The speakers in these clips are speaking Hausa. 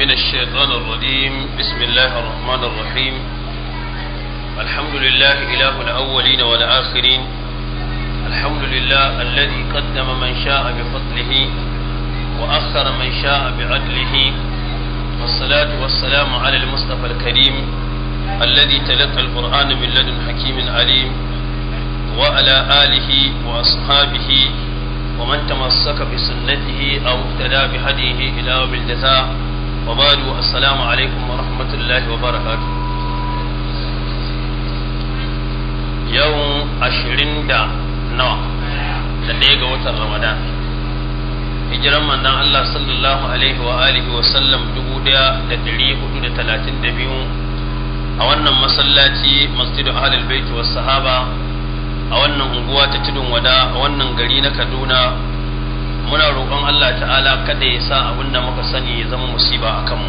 من الشيطان الرجيم بسم الله الرحمن الرحيم الحمد لله إله الأولين والآخرين الحمد لله الذي قدم من شاء بفضله وأخر من شاء بعدله والصلاة والسلام على المصطفى الكريم الذي تلقى القرآن من لدن حكيم عليم وعلى آله وأصحابه ومن تمسك بسنته أو اقتدى بهديه إلى يوم الجزاء وبعد السلام عليكم ورحمة الله وبركاته يوم عشرين دا نوع لديك وتر رمضان hijiran manzon Allah sallallahu alaihi wa alihi wa sallam 1432 a wannan masallaci masjidu ahlul bait sahaba a wannan unguwa ta tudun wada a wannan gari na Kaduna muna roƙon Allah ta'ala kada ya sa abin da muka sani ya zama musiba a kanmu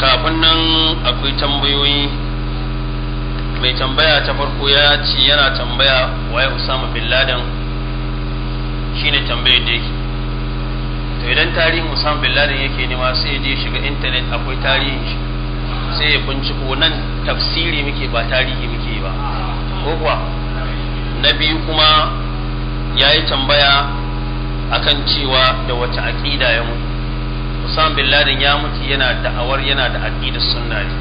kafin nan akwai tambayoyi mai tambaya ta farko ya ce yana tambaya waye Usama bin Laden shine tambayar da yake to idan tarihin Usama bin Laden yake nema sai ya je shiga intanet akwai tarihin shi sai ya binciko nan tafsiri muke ba tarihi muke ba ko kuwa na biyu kuma ya yi tambaya akan cewa da wace aƙida ya mutu Musamman bin Laden ya mutu yana da'awar yana da aƙidar sunna ne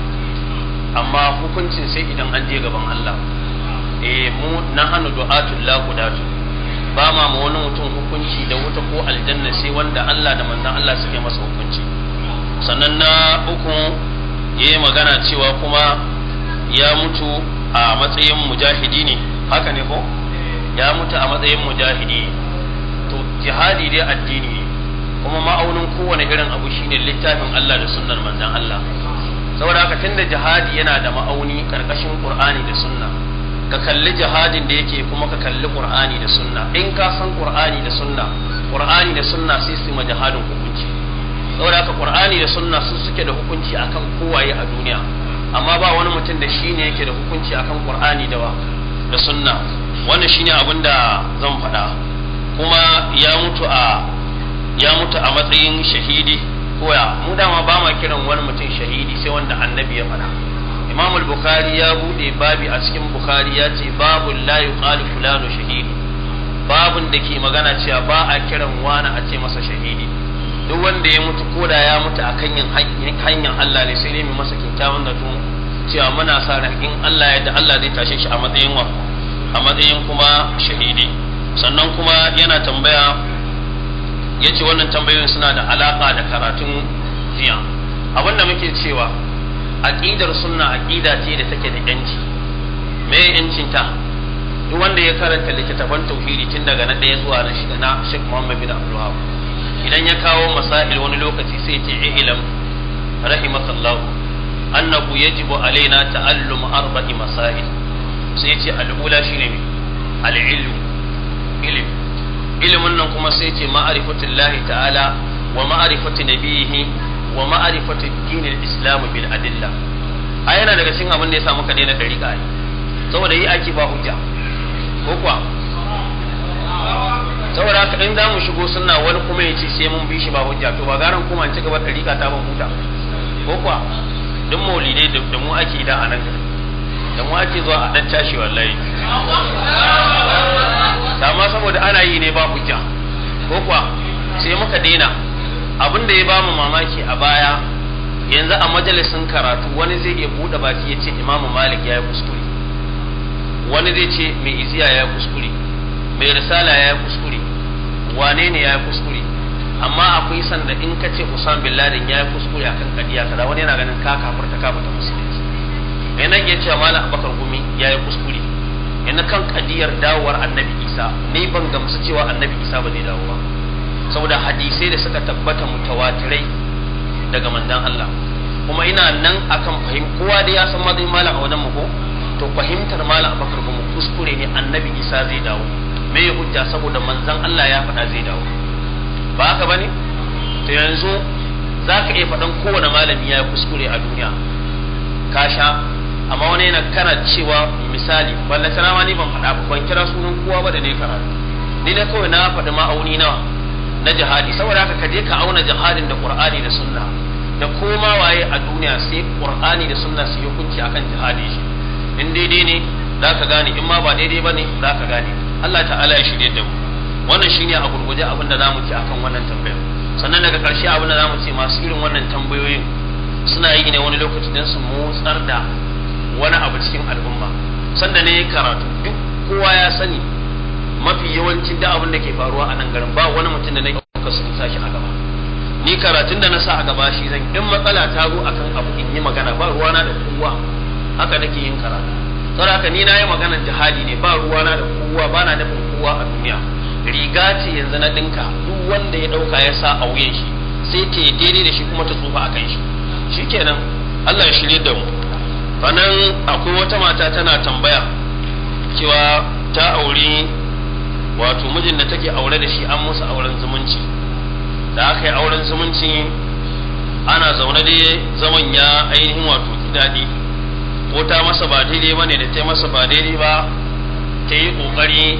amma hukuncin sai idan an je gaban Allah eh mu na du'atul la qudatu ba ma ma wani mutum hukunci da wuta ko aljanna sai wanda Allah da manzon Allah suke masa hukunci sannan na uku yayi magana cewa kuma ya mutu a matsayin mujahidi ne haka ne ko ya mutu a matsayin mujahidi to jihadi dai addini kuma ma'aunin kowane irin abu shine littafin Allah da sunnar manzon Allah saboda haka tunda jihadi yana da ma'auni karkashin Qur'ani da sunna ka kalli jihadin da yake kuma ka kalli Qur'ani da sunna in ka san Qur'ani da sunna Qur'ani da sunna sai su ma jihadin hukunci saboda haka Qur'ani da sunna su suke da hukunci akan kowaye a duniya amma ba wani mutum da shine yake da hukunci akan Qur'ani da da sunna wannan shine abin da zan faɗa kuma ya mutu a ya mutu a matsayin shahidi koya mu dama ba ma kiran wani mutum shahidi sai wanda annabi ya faɗa imam al-bukhari ya bude babi a cikin bukhari ya ce babu la yuqalu fulanu shahidi babun da ke magana cewa ba a kiran wani a ce masa shahidi duk wanda ya mutu ko da ya mutu akan yin hanyar Allah ne sai ne mai masa kyakkyawan zato cewa muna sa ran in Allah ya da Allah zai tashe shi a matsayin wani a matsayin kuma shahidi sannan kuma yana tambaya ya ce wannan tambayoyin suna da alaƙa da karatun jiya abin da muke cewa aƙidar suna aƙida ce da take da yanci me ƴancinta? duk wanda ya karanta littattafan tauhidi tun daga na ɗaya zuwa na shida na Sheikh Muhammad bin idan ya kawo masail wani lokaci sai ce ilam rahimakallahu annahu yajibu alaina ta'allum arba'i masail sai ce al'ula shi ne al'ilu ilim ilimin nan kuma sai ce ma'arifatun lahi ta'ala wa ma'arifatin nabiyihi wa ma'arifatun dinin Islamu bil adilla a yana daga cikin abin da ya samu kaɗai na ɗari ka saboda yi aiki ba hujja ko kuwa saboda haka in za mu shigo suna wani kuma ya ce sai mun bi shi ba hujja to ba garan kuma in ci gaba ɗari rika ta ban huta ko kuwa duk maulidai da mu ake da a nan gari dan wace zuwa a dan tashi wallahi amma saboda ana yi ne ba hujja ko kuwa sai muka daina abin da ya ba mu mamaki a baya yanzu a majalisin karatu wani zai iya buɗe baki ya ce imamu malik ya yi kuskure wani zai ce mai iziya ya yi kuskure mai risala ya yi kuskure wane ne ya yi kuskure amma akwai sanda in ka ce usman bin laden ya yi kuskure kan kadiya Kada wani yana ganin ka kafarta kafarta musulmi yana iya cewa mala abakar gumi ya yi kuskure yana kan kadiyar dawowar annabi isa ne ban gamsu cewa annabi isa ba zai dawo ba saboda hadisai da suka tabbata mutawatirai daga mandan Allah kuma ina nan akan fahim kowa da ya san ma zai mala a wajen mu to fahimtar mala abakar gumi kuskure ne annabi isa zai dawo me ya hujja saboda manzan Allah ya faɗa zai dawo ba haka bane to yanzu za ka iya faɗan kowane malami ya yi kuskure a duniya ka sha amma wani yana kana cewa misali balle sanama ni ban faɗa ba ban kira sunan kowa ba da ne kara ni na kawai na faɗi ma'auni nawa na jihadi saboda haka kaje ka auna jihadin da qur'ani da sunna da koma waye a duniya sai qur'ani da sunna su yi hukunci akan jihadi shi in daidai ne za ka gane in ma ba daidai ba ne za ka gane Allah ta'ala ya shirye da mu wannan shine a gurguje abin da za mu ci akan wannan tambayar sannan daga ƙarshe abin da za mu masu irin wannan tambayoyin suna yi ne wani lokaci don su motsar da wani abu cikin al'umma sanda ne karatu duk kowa ya sani mafi yawancin da abin da ke faruwa a nan garin ba wani mutum da nake ka sun sa shi a gaba ni karatun da na sa a gaba shi zan in matsala ta zo akan abu in yi magana ba ruwana da kowa haka nake yin karatu saboda haka ni na yi maganar jihadi ne ba ruwana da kowa ba na da kowa a duniya riga ce yanzu na ɗinka duk wanda ya ɗauka ya sa a wuyan shi sai ta yi daidai da shi kuma ta tsufa a kan shi kenan. Allah ya shirye da mu anan akwai wata mata tana tambaya cewa ta aure wato mijin da take aure da shi an musu auren zumunci da aka yi auren zumunci ana zaune da zaman ya ainihin wato daɗi ko ta masa ba daidai ba ne da ta masa ba daidai ba ta yi ƙoƙari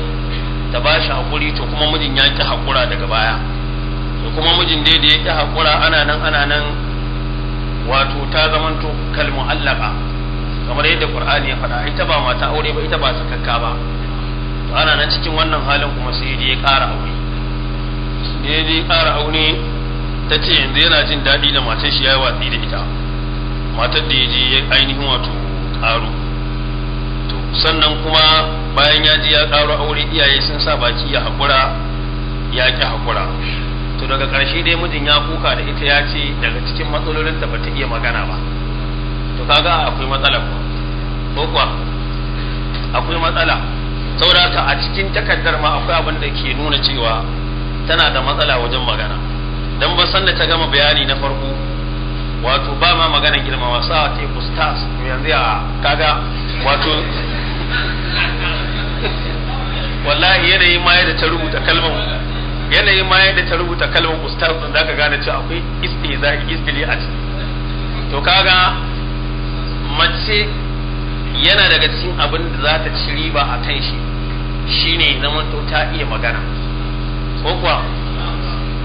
ta ba shi haƙuri to kuma mijin ya ƙi haƙura daga baya to kuma mijin dai da ya ƙi haƙura ana nan ana nan wato ta zamanto kalmu allaka kamar yadda qur'ani ya faɗa ita ba mata aure ba ita ba sakakka ba to ana nan cikin wannan halin kuma sai je ya ƙara aure ne ya je ƙara aure ta ce yanzu yana jin daɗi da matar shi ya yi watsi da ita matar da ya je ya ainihin wato ƙaro to sannan kuma bayan ya je ya ƙaro aure iyaye sun sa baki ya haƙura ya ƙi haƙura to daga ƙarshe dai mijin ya kuka da ita ya ce daga cikin matsalolin ba ta iya magana ba to kaga akwai matsala ko kuwa akwai matsala saboda a cikin takardar ma akwai abin da ke nuna cewa tana da matsala wajen magana dan ba san da ta gama bayani na farko wato ba ma magana girmama sa ta yi kustas yanzu a kaga wato wallahi yanayin ma yadda ta rubuta kalmar yanayin ma yadda ta rubuta kalmar ustaz din zaka gane cewa akwai istizai istili a ciki to kaga mace yana daga cikin abin da za ta ci riba a kan shi shine zaman to ta iya magana ko kuwa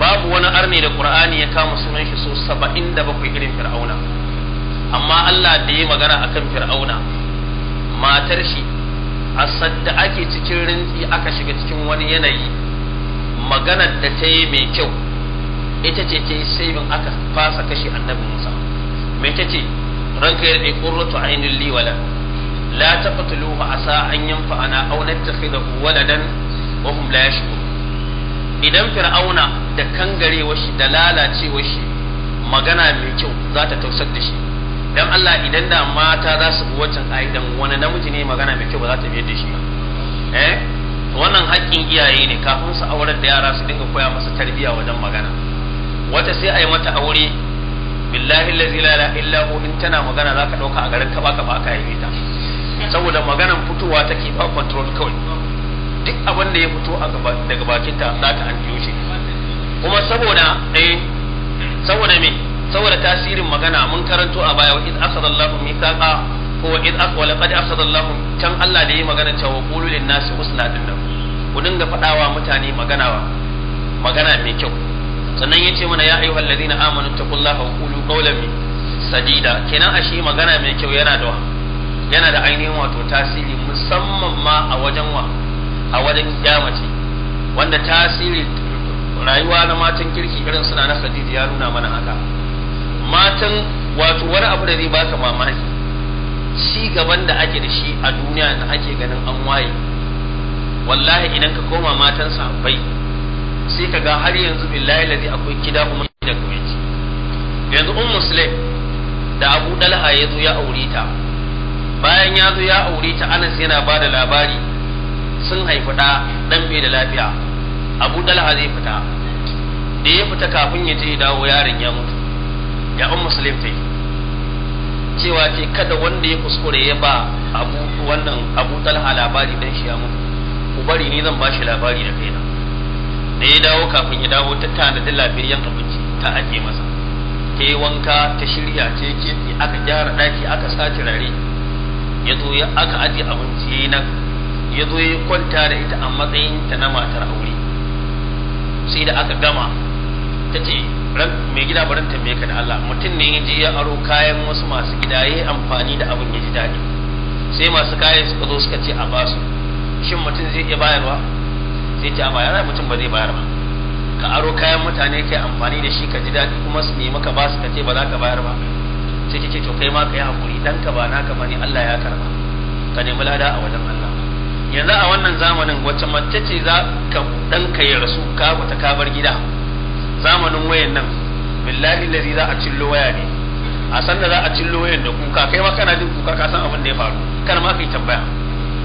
babu wani arni da qur'ani ya kama sunan shi so saba'in da bakwai irin fir'auna amma Allah da ya magana akan fir'auna matar shi a sadda ake cikin rintsi aka shiga cikin wani yanayi maganar da ta yi mai kyau ita ce ta yi aka fasa kashe annabi musa mai ta ce ranka ya ainihin liwala la li wala la a sa an ta fi da waladan wa wahum la ko. idan fir'auna da kangare shi da lalace shi magana mai kyau za ta tausar da shi don Allah idan da mata za su bi waccan ka'idan wani namiji ne magana mai kyau ba za ta biyar da shi eh? wannan haƙƙin iyaye ne kafin su aurar da yara su dinga koya masa tarbiyya wajen magana wata sai a yi mata aure billahi allazi la ilaha illa hu in tana magana zaka dauka a garin kaba kaba baka yi ta saboda maganan fitowa take ba control kawai duk abin da ya fito a gaba daga bakin ta za ta anjiyo shi kuma saboda eh saboda me saboda tasirin magana mun karanto a baya wa 'iz akhadha Allahu mithaqa ko id akhwa laqad akhadha Allahu kan Allah da yi magana cewa qulu lin nasi husna dinnan ku dinga fadawa mutane magana magana mai kyau sannan ya ce mana ya ayyuhu allazina amanu taqullaha wa qulu qawlan sadida kenan ashe magana mai kyau yana da yana da ainihin wato tasiri musamman ma a wajen wa a wajen kyamace wanda tasiri rayuwa na matan kirki irin suna na sadida ya nuna mana haka matan wato wani abu da zai baka mamaki ci gaban da ake da shi a duniya da ake ganin an waye wallahi idan ka koma matan bai. sai ka ga har yanzu billahi ladi akwai kida kuma da kawaiti yanzu un muslim da abu dalha ya zo ya aure ta bayan ya zo ya aure ta anas yana ba da labari sun haifi ɗa ɗan bai da lafiya abu dalha zai fita da ya fita kafin ya je ya dawo yaron ya mutu ya un muslim ta cewa ce kada wanda ya kuskure ya ba abu wannan abu dalha labari dan shi ya mutu ku bari ni zan ba shi labari da kaina da ya dawo kafin ya dawo ta da lafiyayyen abinci ta ake masa ta yi wanka ta shirya ce kefi aka gyara daki aka sa turare ya zo ya aka aje abinci nan ya zo ya kwanta da ita a matsayin ta na matar aure sai da aka gama ta ce mai gida barin ta ka da Allah mutum ne ya je ya aro kayan wasu masu gida ya yi amfani da abin ya ji daɗi sai masu kayan suka zo suka ce a basu shin mutum zai iya bayarwa sai ce ba yana mutum ba zai bayar ba ka aro kayan mutane ke amfani da shi ka ji daɗi kuma su nemi ka ba su ka ce ba za ka bayar ba sai ce to kai ma ka yi hakuri dan ka ba naka bane Allah ya karba ka nemi lada a wajen Allah yanzu a wannan zamanin wacce mace ce za ka dan ka yi rasu ka fita ka bar gida zamanin wayan nan billahi lazi za a cillo waya ne a san da za a cillo wayan da kuka kai ma kana jin kuka ka san abin da ya faru kana ma kai tambaya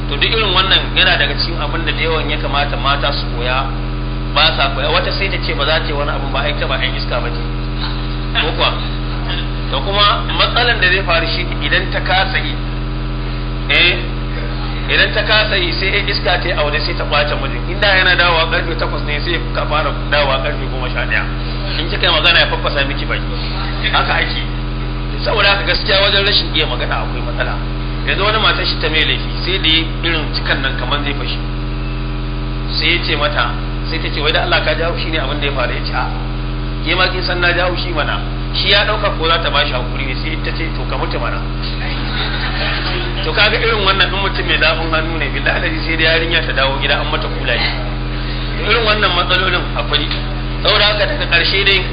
to duk irin wannan yana daga cikin abin da yawan ya kamata mata su koya ba sa koya wata sai ta ce ba za ta yi wani abin ba aita ba ɗan iska ba ce ko kuwa to kuma matsalan da zai faru shi idan ta kasa yi eh idan ta kasa yi sai ya iska ta yi a wani sai ta ɓata mijin inda yana dawowa ƙarfe takwas ne sai ka fara dawowa ƙarfe goma sha ɗaya in kika yi magana ya faffasa miki baki haka ake saboda haka gaskiya wajen rashin iya magana akwai matsala yanzu wani matar shi ta mai laifi sai da ya irin cikan nan kamar zai fashi sai ya ce mata sai ta ce wai da Allah ka jawo shi ne abin da ya faru ya ce a ke ma kin san na jawo shi mana shi ya dauka ko za ta bashi hakuri ne sai ta ce to ka mutu mana to kaga irin wannan in mutum mai zafin hannu ne bi alladhi sai da yarinya ta dawo gida an mata ne irin wannan matsalolin akwai saboda haka daga karshe dai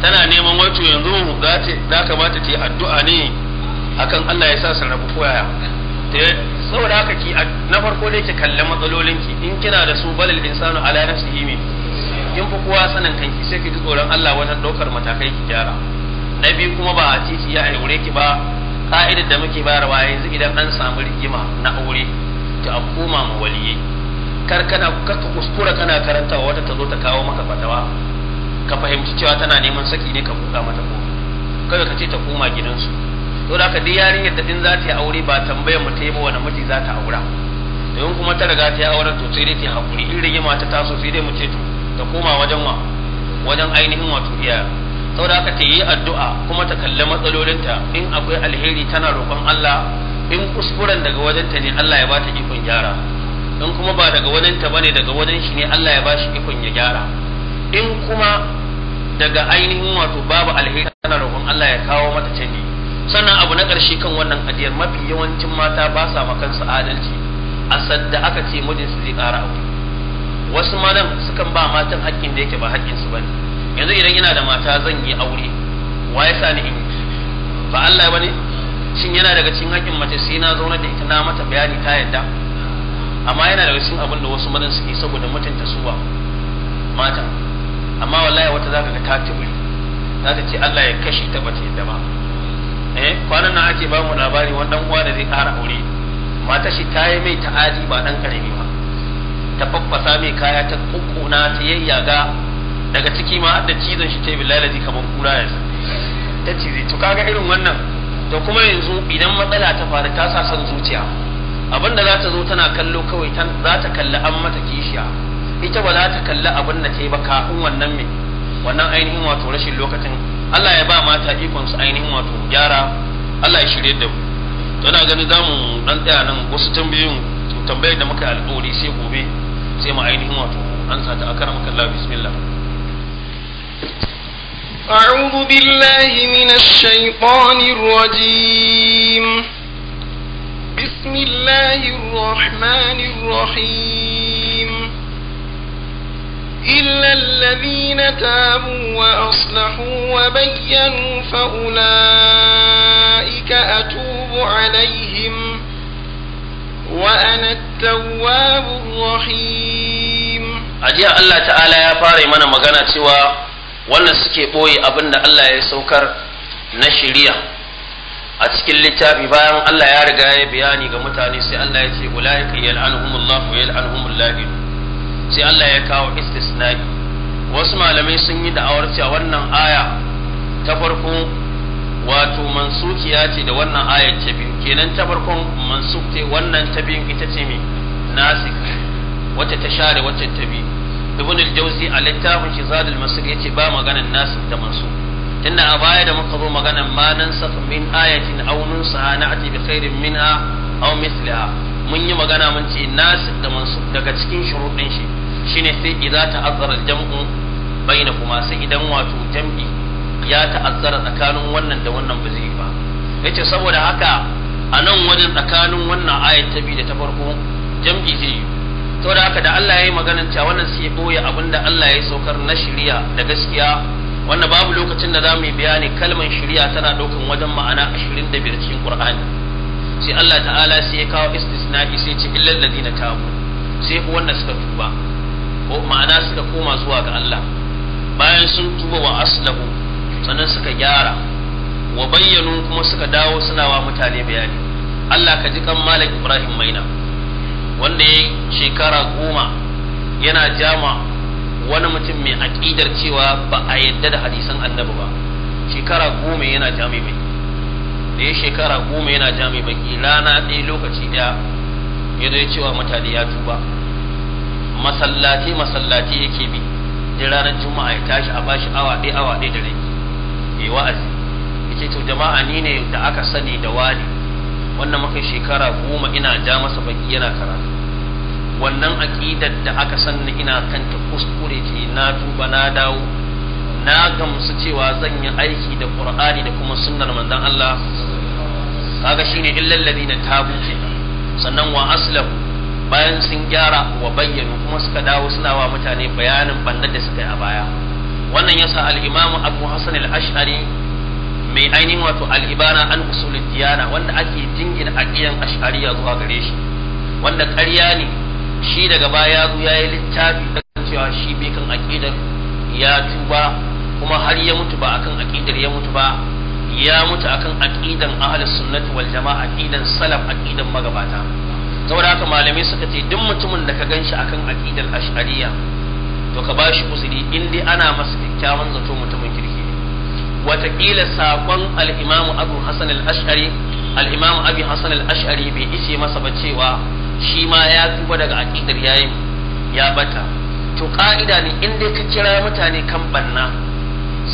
tana neman wato yanzu za ta kamata ta yi addu'a ne akan Allah ya sa su rabu koyaya saboda haka ki na farko ne ki kalli matsalolin ki in kina da su balal insanu ala nafsihi min kin fi kowa sanin kanki sai ki ji tsoron Allah wajen daukar matakai ki gyara na biyu kuma ba a titi ya aure ki ba ka'idar da muke bayarwa yanzu idan an samu rigima na aure ki a koma mu waliye kar kana ka kuskura kana karanta wata ta zo ta kawo maka fatawa ka fahimci cewa tana neman saki ne ka buga mata ko kada ka ce ta koma gidansu to da duk yarinyar da din za ta yi aure ba tambayar mu ta yi wani miji za ta aura domin kuma ta riga ta yi auren to sai dai ta hakuri in rigima ta taso sai dai mu ce to ta koma wajen wa wajen ainihin wato iya da, haka ta yi addu'a kuma ta kalli matsalolinta in akwai alheri tana roƙon Allah in kuskuren daga wajen ta ne Allah ya ba ta ikon gyara in kuma ba daga wajen ta bane daga wajen shi ne Allah ya ba shi ikon ya gyara in kuma daga ainihin wato babu alheri tana roƙon Allah ya kawo mata canji sannan abu na ƙarshe kan wannan hadiyar mafi yawancin mata ba sa ma kansu adalci a sadda aka ce su zai ƙara aure wasu malam sukan ba matan haƙƙin da yake ba haƙƙinsu ba ne yanzu idan yana da mata zan yi aure wa ya sa ni in ba Allah ba ne shin yana daga cikin haƙƙin mace sai na zauna da ita na mata bayani ta yadda amma yana daga cikin abin da wasu mazan suke saboda mutunta su ba mata amma wallahi wata zaka ga ta tubuli za ta ce Allah ya kashe ta bace yadda ba eh kwanan nan ake bamu labari wani dan uwa da zai kara aure mata shi ta yi mai ta'adi ba dan karami ba ta faffasa mai kaya ta kukkuna ta yayyaga daga ciki ma da cizon shi ta bilalaji kamar kura ya ta zai to kaga irin wannan to kuma yanzu idan matsala ta faru ta sa san zuciya abin da za ta zo tana kallo kawai za ta kalli an mata kishiya ita ba za ta kalli abin da ta yi ba kafin wannan mai wannan ainihin wato rashin lokacin Allah ya ba mata ikon su ainihin wato gyara Allah ya shirye da mu to ina ganin zamu dan tsaya nan wasu tambayoyin tambayar da muka alƙawari sai gobe sai mu ainihin wato an sa ta akara maka Allah bismillah أعوذ بالله من الشيطان الرجيم بسم الله الرحمن إلا الذين تابوا وأصلحوا وبينوا فأولئك أتوب عليهم وأنا التواب الرحيم أجيء الله تعالى يا فاري من مغانا سوى wannan suke ɓoye abin da Allah ya a cikin littafi bayan Allah ya riga ya bayani ga mutane sai Allah ya ce ula'ika yal'anuhumullahu yal'anuhumul lahin sai Allah ya kawo istisna'i wasu malamai sun yi da'awar cewa wannan aya ta farko wato mansukiya ce da wannan aya ta biyu kenan ta farkon mansuk ce wannan ta biyu ita ce mai nasik wacce ta share wacce ta biyu ibn al-jawzi a littafin shi zadul masuk yace ba maganar nasik da mansuk tunda a baya da muka zo maganar ma nan saf min ayatin aw nunsaha na'ti bi khairin minha aw misliha mun yi magana mun ce nasik da mansuk daga cikin shuruɗin shi shine sai idza ta'azzara al-jam'u bainakuma sai idan wato jam'i ya ta'azzara tsakanin wannan da wannan ba zai ba yace saboda haka a nan wajen tsakanin wannan ayat ta biyu da ta farko jam'i zai yi da haka da Allah ya yi maganar cewa wannan sai boye abinda Allah ya saukar na shari'a da gaskiya wannan babu lokacin da zamu yi bayani kalmar shari'a tana daukan wajen ma'ana 25 cikin Qur'ani sai Allah ta'ala sai ya kawo istisna'i sai ce illal ladina tabu sai wanda suka tuba ma'ana suka koma zuwa ga Allah bayan sun tuba wa aslahu sannan suka gyara wa bayyanu kuma suka dawo suna wa mutane bayani Allah ka ji kan Malik Ibrahim Maina wanda ya shekara goma yana jama wani mutum mai aƙidar cewa ba a yadda da hadisan annabi ba shekara goma yana jami mai da ya shekara goma yana jami mai rana ɗaya lokaci ɗaya ya zo ya cewa mutane ya tuba masallaci masallaci yake bi da ranar juma'a ya tashi a bashi awa ɗaya awa ɗaya da rai ya wa'azi ya to jama'a ni ne da aka sani da wani wannan muka shekara goma ina ja masa baki yana karatu wannan aƙidar da aka sani ina kanta kuskure ce na tuba na dawo na gamsu cewa zan yi aiki da ƙur'ani da kuma sunnar manzon Allah kaga shine illal ladina tabu kenan sannan wa aslahu bayan sun gyara wa bayyana kuma suka dawo suna wa mutane bayanin bannar da suka yi a baya wannan yasa al-imamu abu hasan al-ash'ari mai ainihin wato al-ibana an usul diyana wanda ake jingina aqiyan ash'ariya zuwa gare shi wanda ƙarya ne shi daga baya zo yayi littafi dan cewa shi bai kan aqidar ya tuba kuma har ya mutu ba akan aqidar ya mutu ba ya mutu akan aqidan ahlus sunnati wal jama'a aqidan salaf aqidan magabata saboda haka malamai suka ce duk mutumin da ka ganshi akan aqidar ash'ariyya to ka ba shi uzuri in dai ana masa kyakkyawan zato mutumin kirki ne wataƙila saƙon al-imam abu hasan al-ash'ari al-imam abi bai ice masa ba cewa shi ma ya tuba daga aqidar yayin ya bata to ka'ida ne in dai ka kira mutane kan banna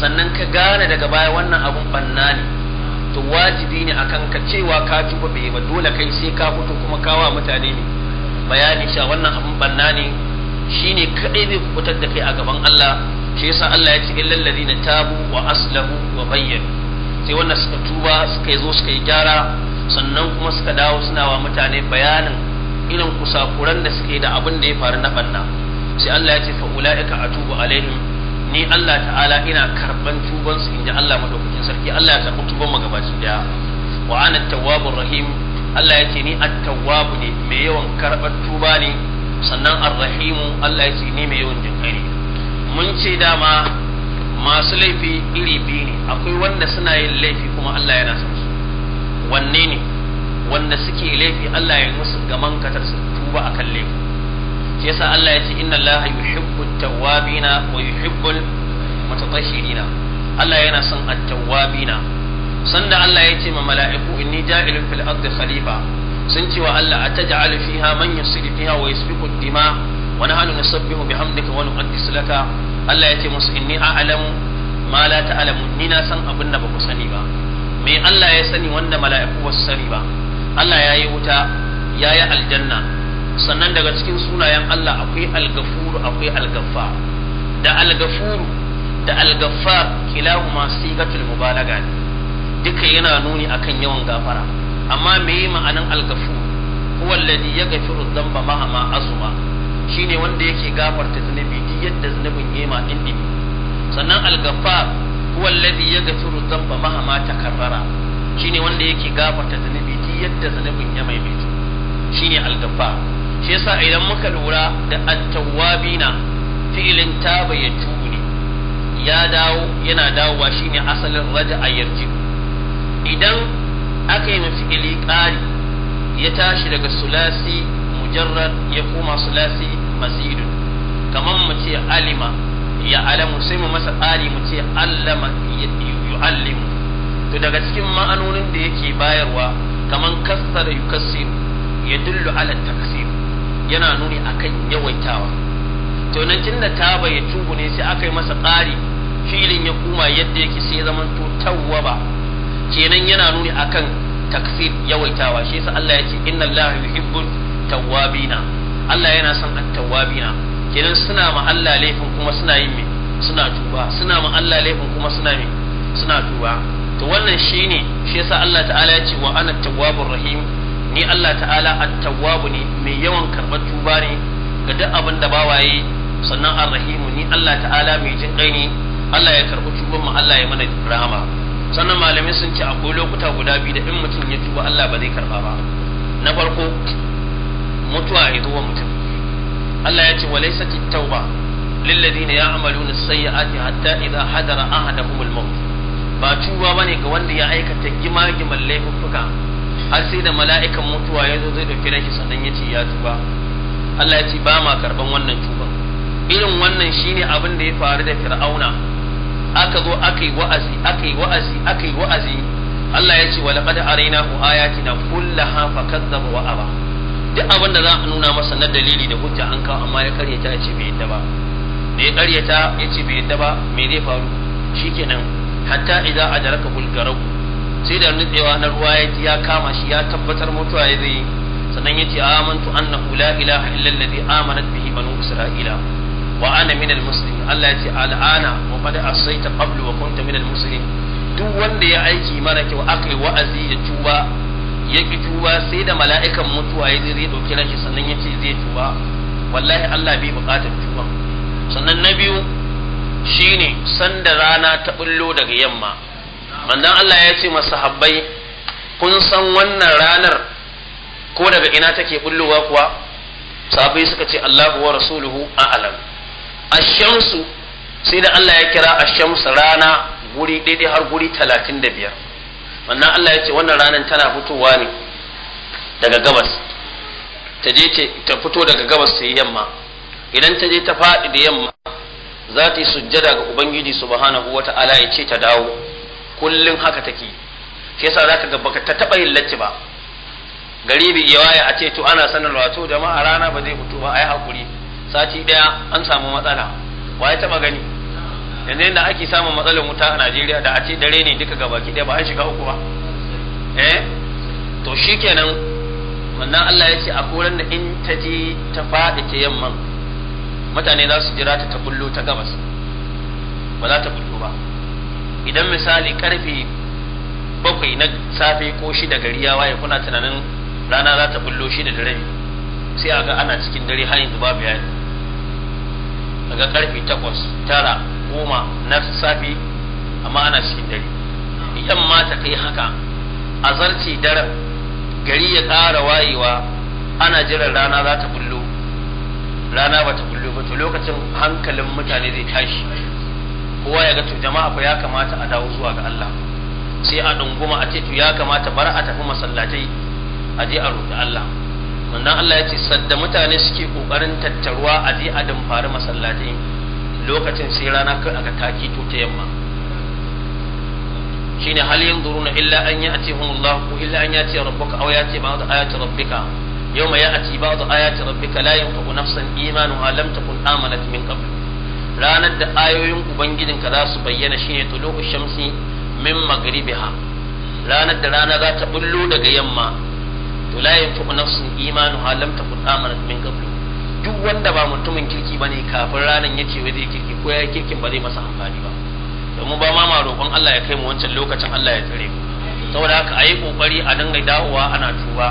sannan ka gane daga baya wannan abun banna ne to wajibi ne akan ka cewa ka tuba bai ba dole kai sai ka fito kuma kawa mutane ne bayani cewa wannan abin banna ne shine kadai zai kubutar da kai a gaban Allah shi yasa Allah ya ce illal ladina tabu wa aslahu wa bayyana. sai wannan suka tuba suka zo suka yi gyara sannan kuma suka dawo suna wa mutane bayanin irin kusakuran da suke da abin da ya faru na banna sai Allah ya ce fa ulaika atubu alaihim ni Allah ta'ala ina karban tuban su inda Allah madaukakin sarki Allah ya karbi tuban mu gabaki daya wa ana tawwabur rahim Allah ya ce ni at-tawwab ne mai yawan karban tuba ne sannan ar rahim Allah ya ce ni mai yawan jinkari mun ce dama masu laifi iri biyu ne akwai wanda suna yin laifi kuma Allah yana san su wanne ne wanda suke laifi Allah ya musu gaman katar su tuba akan laifi shi yasa Allah ya ce inna Allah yuhibbu tawwabina wa yuhibbul mutatahhirina Allah yana son at-tawwabina sanda Allah ya ce ma mala'iku inni ja'ilun fil ardi khalifa sun ce wa Allah ataj'al fiha man yusri fiha wa yasfiku ad-dima wa nahnu nusabbihu bihamdika wa nuqaddis laka Allah ya ce musu inni a'lamu ma la ta'lamu ni na san abin da ba ku sani ba me Allah ya sani wanda mala'iku ba su sani ba Allah ya yi wuta ya yi aljanna sannan daga cikin sunayen Allah akwai al-ghafur akwai al-ghaffar da al-ghafur da al kilahu ma sigatul mubalaga ne duka yana nuni akan yawan gafara amma me yi ma'anan al-ghafur huwa alladhi yaghfiru dhanba mahama azuma shine wanda yake gafarta zunubi duk yadda zunubin yema din din sannan al-ghaffar huwa alladhi yaghfiru dhanba mahama takarrara shine wanda yake gafarta zunubi duk yadda zunubin ya maimaita shine al-ghaffar shi yasa idan muka lura da attawabina fi'ilin taba ya tuni ya dawo yana shine asalin raja a idan aka yi ili ƙari ya tashi daga sulasi mujarrad ya koma sulasi mazidun kamar mu ce alima ya alamu sai mu masa ƙari mu ce allama yu'allimu to daga cikin ma'anonin da yake bayarwa kamar kassara yukassiru يدل ala التقسيم yana nuni a kan yawaitawa to nan da ta ya tubu ne sai aka yi masa ƙari filin ya kuma yadda yake sai zama to ba kenan yana nuni a kan taksir yawaitawa shi yasa Allah ya ce inna Allah yuhibbul tawwabina Allah yana son at-tawwabina kenan suna ma Allah laifin kuma suna yin me suna tuba suna ma Allah laifin kuma suna me suna tuba to wannan shine shi yasa Allah ta'ala ya ce wa ana tawwabur rahim ni Allah ta'ala at-tawwabu ne mai yawan karɓar tuba ne ga duk abin da bawaye sannan ar-rahimu ni Allah ta'ala mai jin kai ne Allah ya karɓi tuban mu Allah ya mana rahama sannan malamai sun ce akwai lokuta guda biyu da in mutum ya tuba Allah ba zai karɓa ba na farko mutuwa ya zo wa mutum Allah ya ce wa laysa at-tauba lilladheena ya'maluna as-sayyi'ati hatta idha hadara ahaduhum al-maut ba tuba bane ga wanda ya aikata gima giman laifuffuka har sai da mala'ikan mutuwa ya zo zai dauki ranki sannan ya ce ya tuba Allah ya ce ba ma karban wannan tuban irin wannan shine abin da ya faru da fir'auna aka zo aka yi wa'azi aka yi wa'azi aka yi wa'azi Allah ya ce wala qad hu ayatina kullaha fakadzaba wa aba duk abin da za a nuna masa na dalili da hujja an kawo amma ya karyata ya ce bai yadda ba da ya karyata ya ce bai yadda ba me zai faru shikenan hatta idza adraka bulgaraku sai da nutsewa na ruwa ya kama shi ya tabbatar mutuwa ya zai sannan ya ce amantu annahu la ilaha illa alladhi amanat bihi banu isra'ila wa ana minal almuslimin Allah ya ce al'ana wa qad ta qablu wa kunta minal almuslimin duk wanda ya aiki mara kyau yi wa'azi ya tuba ya ki tuba sai da mala'ikan mutuwa ya zai dauki rashi sannan ya ce zai tuba wallahi Allah bai bukatar tuba sannan na biyu shine sanda rana ta bullo daga yamma manzon Allah ya ce masahabbai kun san wannan ranar ko daga ina take bullowa kuwa sahabbai suka ce Allahu wa rasuluhu a'lam ash sai da Allah ya kira ash rana guri daidai har guri 35 manzon Allah ya ce wannan ranar tana fitowa ne daga gabas ta je ce ta fito daga gabas sai yamma idan ta je ta faɗi da yamma za ta yi sujjada ga ubangiji subhanahu wata'ala ya ce ta dawo kullum haka take shi yasa zaka ga baka ta taba yin lacci ba garibi ya waya a ce to ana sanar wato jama'a rana ba zai fito ba ai hakuri sati daya an samu matsala waye taba gani yanzu inda ake samun matsalar wuta a Najeriya da a ce dare ne duka gabaki daya ba an shiga uku ba eh to shikenan wannan Allah ya ce a koran da in ta je ta faɗi ta yamma, mutane za su jira ta ta bullo ta gabas ba za ta bullo ba idan misali karfe bakwai na safe ko shida gari ya waye kuna tunanin rana za ta bullo shida da dare, sai a ga ana cikin dare har yanzu babu yayi daga karfe takwas tara goma na safe amma ana cikin dare idan ma ta kai haka a zarce dare, gari ya ƙara wayewa ana jiran rana za ta bullo rana ba ta bullo ba to lokacin hankalin mutane zai tashi kowa ya ga to jama'a fa ya kamata a dawo zuwa ga Allah sai a dunguma a ce to ya kamata bar a tafi masallatai a je a roƙi Allah wannan Allah ya ce sadda mutane suke kokarin tattaruwa a je a dumfari masallatai lokacin sai rana kai aka taki to ta yamma shine hal na illa an ya'tihum Allah ko illa an ya'ti rabbuka aw ya'ti ba'd ayati rabbika yawma ya'ti ba'd ayati rabbika la yanfa'u nafsan imanuha lam takun amanat min qabl ranar da ayoyin ubangijinka za su bayyana shine tulu shamsi min magribiha ranar da rana za ta bullo daga yamma to la yanfa'u nafsin imanu lam takun amanat min qabl duk wanda ba mutumin kirki bane kafin ranar ya ce zai kirki ko ya kirkin ba zai masa amfani ba domin ba ma ma roƙon Allah ya kai mu wancan lokacin Allah ya tsare mu saboda haka ayi kokari a dinga dawowa ana tuba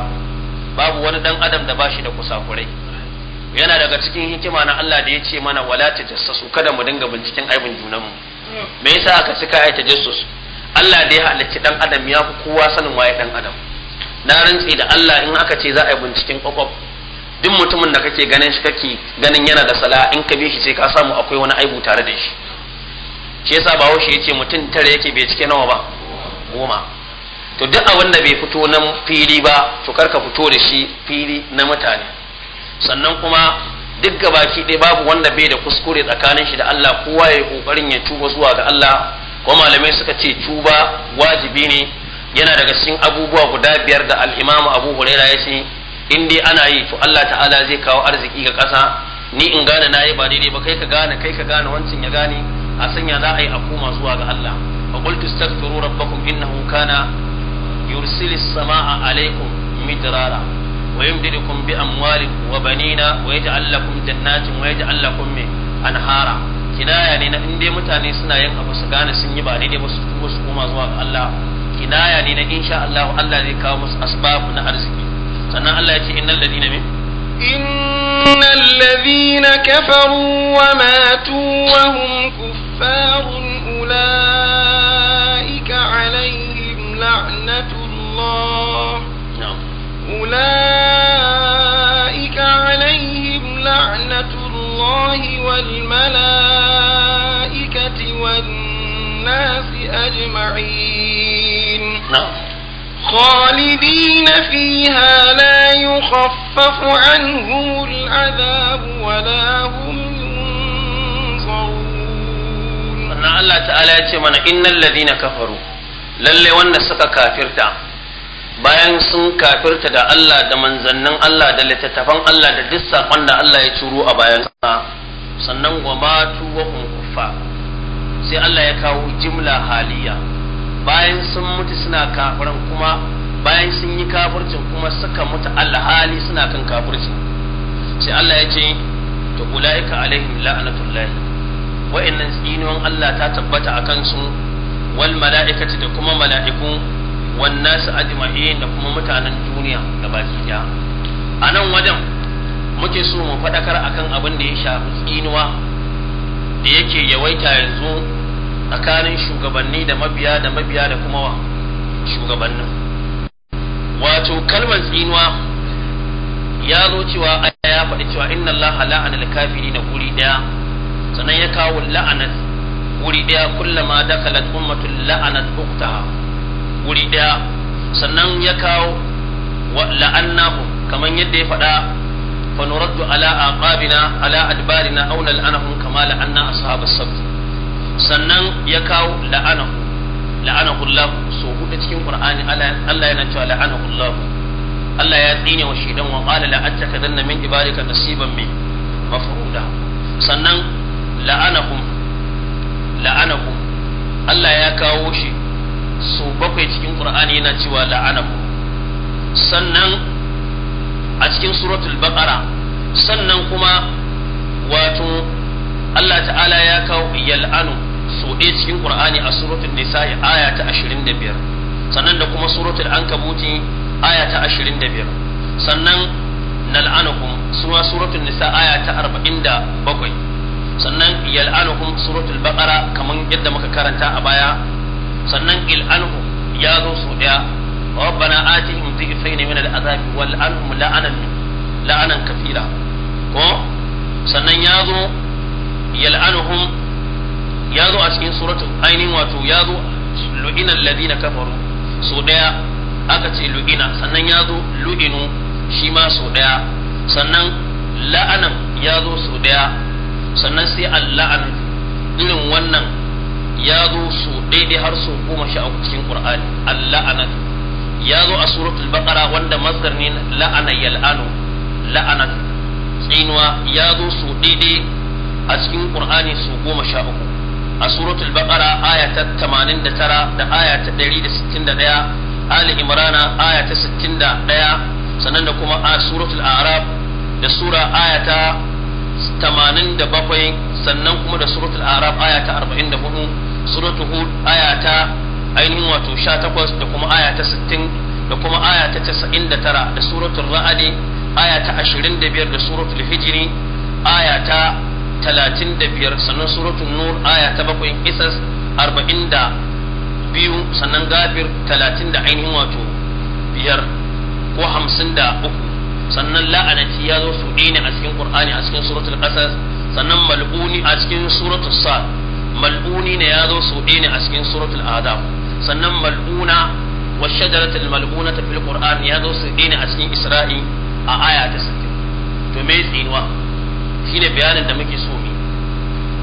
babu wani dan adam da bashi da kusakurai yana daga cikin hikima na Allah da ya ce mana wala ta jassasu kada mu dinga binciken aibin junanmu me yasa aka cika ai jassasu Allah da ya halicci dan adam ya fi kowa sanin waye dan adam na rantsi da Allah in aka ce za a yi binciken kwakwaf duk mutumin da kake ganin shi kake ganin yana da sala in ka bi shi sai ka samu akwai wani aibu tare da shi shi yasa ba ya ce mutum tare yake bai cike nawa ba goma to duk abin da bai fito na fili ba to karka fito da shi fili na mutane sannan kuma duk gabaki ɗaya babu wanda bai da kuskure tsakanin shi da Allah kowa ya yi kokarin ya tuba zuwa ga Allah ko malamai suka ce tuba wajibi ne yana daga cikin abubuwa guda biyar da al-Imam Abu Huraira ya ce in dai ana yi to Allah ta'ala zai kawo arziki ga ƙasa ni in gane na yi ba daidai ba kai ka gane kai ka gane wancin ya gane a sanya za a yi a koma zuwa ga Allah fa qultu astaghfiru rabbakum innahu kana yursilis samaa alaikum midrara ويمددكم بأموال وبنين ويجعل لكم جنات ويجعل لكم أنهارا kinaya ne na inda mutane suna yin abu su gane sun yi ba daidai ba su kuma su koma zuwa ga Allah kinaya ne na insha Allah Allah zai kawo musu asbabu na arziki sannan Allah ya ce innal ladina min innal ladina kafaru wa matu wa hum kuffarun ulaika alaihim la'natullah na'am أولئك عليهم لعنة الله والملائكة والناس أجمعين نعم. خالدين فيها لا يخفف عنهم العذاب ولا هم ينظرون الله تعالى يتمنى إن الذين كفروا للي ونسك كافرتا bayan sun kafirta da Allah da manzannin Allah da littattafan Allah da duk saƙon da Allah ya turo a bayan sannan wa matu wa kuffa sai Allah ya kawo jimla haliya bayan sun mutu suna kafiran kuma bayan sun yi kafircin kuma suka mutu alhali suna kan kafircin sai Allah ya ce to ulaika alaihim la'natullahi wa'annan tsinuwan Allah ta tabbata akan su wal mala'ikati da kuma mala'ikun wan nasu ajma'in da kuma mutanen duniya gabaki daya a nan wajen muke so mu faɗakar akan abin da ya shafi tsinuwa da yake yawaita yanzu tsakanin shugabanni da mabiya da mabiya da kuma wa shugabannin wato kalmar tsinuwa ya zo cewa ya faɗi cewa inna allaha la'ana al na guri daya sannan ya kawo la'anat guri daya kullama dakalat ummatul la'anat ukhtaha guri daya sannan ya kawo la'annahu kamar yadda ya faɗa fa nuraddu ala aqabina ala adbarina aw nal'anahum kama la'anna ashabas sabt sannan ya kawo la'anahu la'anahu Allah so hudu cikin Qur'ani Allah yana cewa la'anahu Allah Allah ya tsine wa shaidan wa qala la'attakadanna min ibadika nasiban min mafruda sannan la'anahum la'anahum Allah ya kawo shi su bakwai cikin qur'ani yana cewa la'anahu sannan a cikin suratul baqara sannan kuma wato Allah ta'ala ya kawo yal'anu su ɗaya cikin qur'ani a suratul nisa aya ta 25 sannan da kuma suratul ankabuti aya ta 25 sannan nal'anukum suwa suratul nisa aya ta 47 sannan yal'anukum suratul baqara kaman yadda muka karanta a baya sannan il'anhu ya zo su daya rabbana atihim dhifayn min al'azab wal anhum la'anan la'anan kathira ko sannan ya zo yal'anuhum ya zo a cikin suratul ainihin wato ya zo lu'ina alladhina kafaru su ɗaya, aka ce lu'ina sannan ya zo lu'inu shi ma su ɗaya, sannan la'anan ya zo su ɗaya, sannan sai al-la'an irin wannan ya zo su daidai har su goma sha a cikin qur'ani al-la'anat ya zo a suratul baqara wanda masdar ne la'ana yal'anu la'anat tsinuwa ya zo su daidai a cikin qur'ani su goma sha uku a suratul baqara aya ta 89 da aya ta 161 Ali Imrana aya ta 61 sannan da kuma a suratul Araf da sura aya ta 87 sannan kuma da suratul Araf aya ta 44 suratu hud aya ta ainihin wato sha-takwas da kuma aya ta sittin da kuma aya ta casa'in da tara da suratul ra'adi aya ta ashirin da biyar da suratul hijri aya ta talatin da biyar sannan suratul nur aya ta bakwai isas arba'in da biyu sannan gafir talatin da ainihin wato biyar ko hamsin da uku sannan la'anati ya zo su ne a cikin qur'ani a cikin suratul qasas sannan mal'uni a cikin suratul sa mal'uni ne ya zo sau ɗaya ne a cikin suratul adam sannan mal'una wa shajaratul mal'una ta fil qur'an ya zo sau ɗaya ne a cikin isra'i a aya ta sittin to me tsinuwa shine bayanin da muke so mu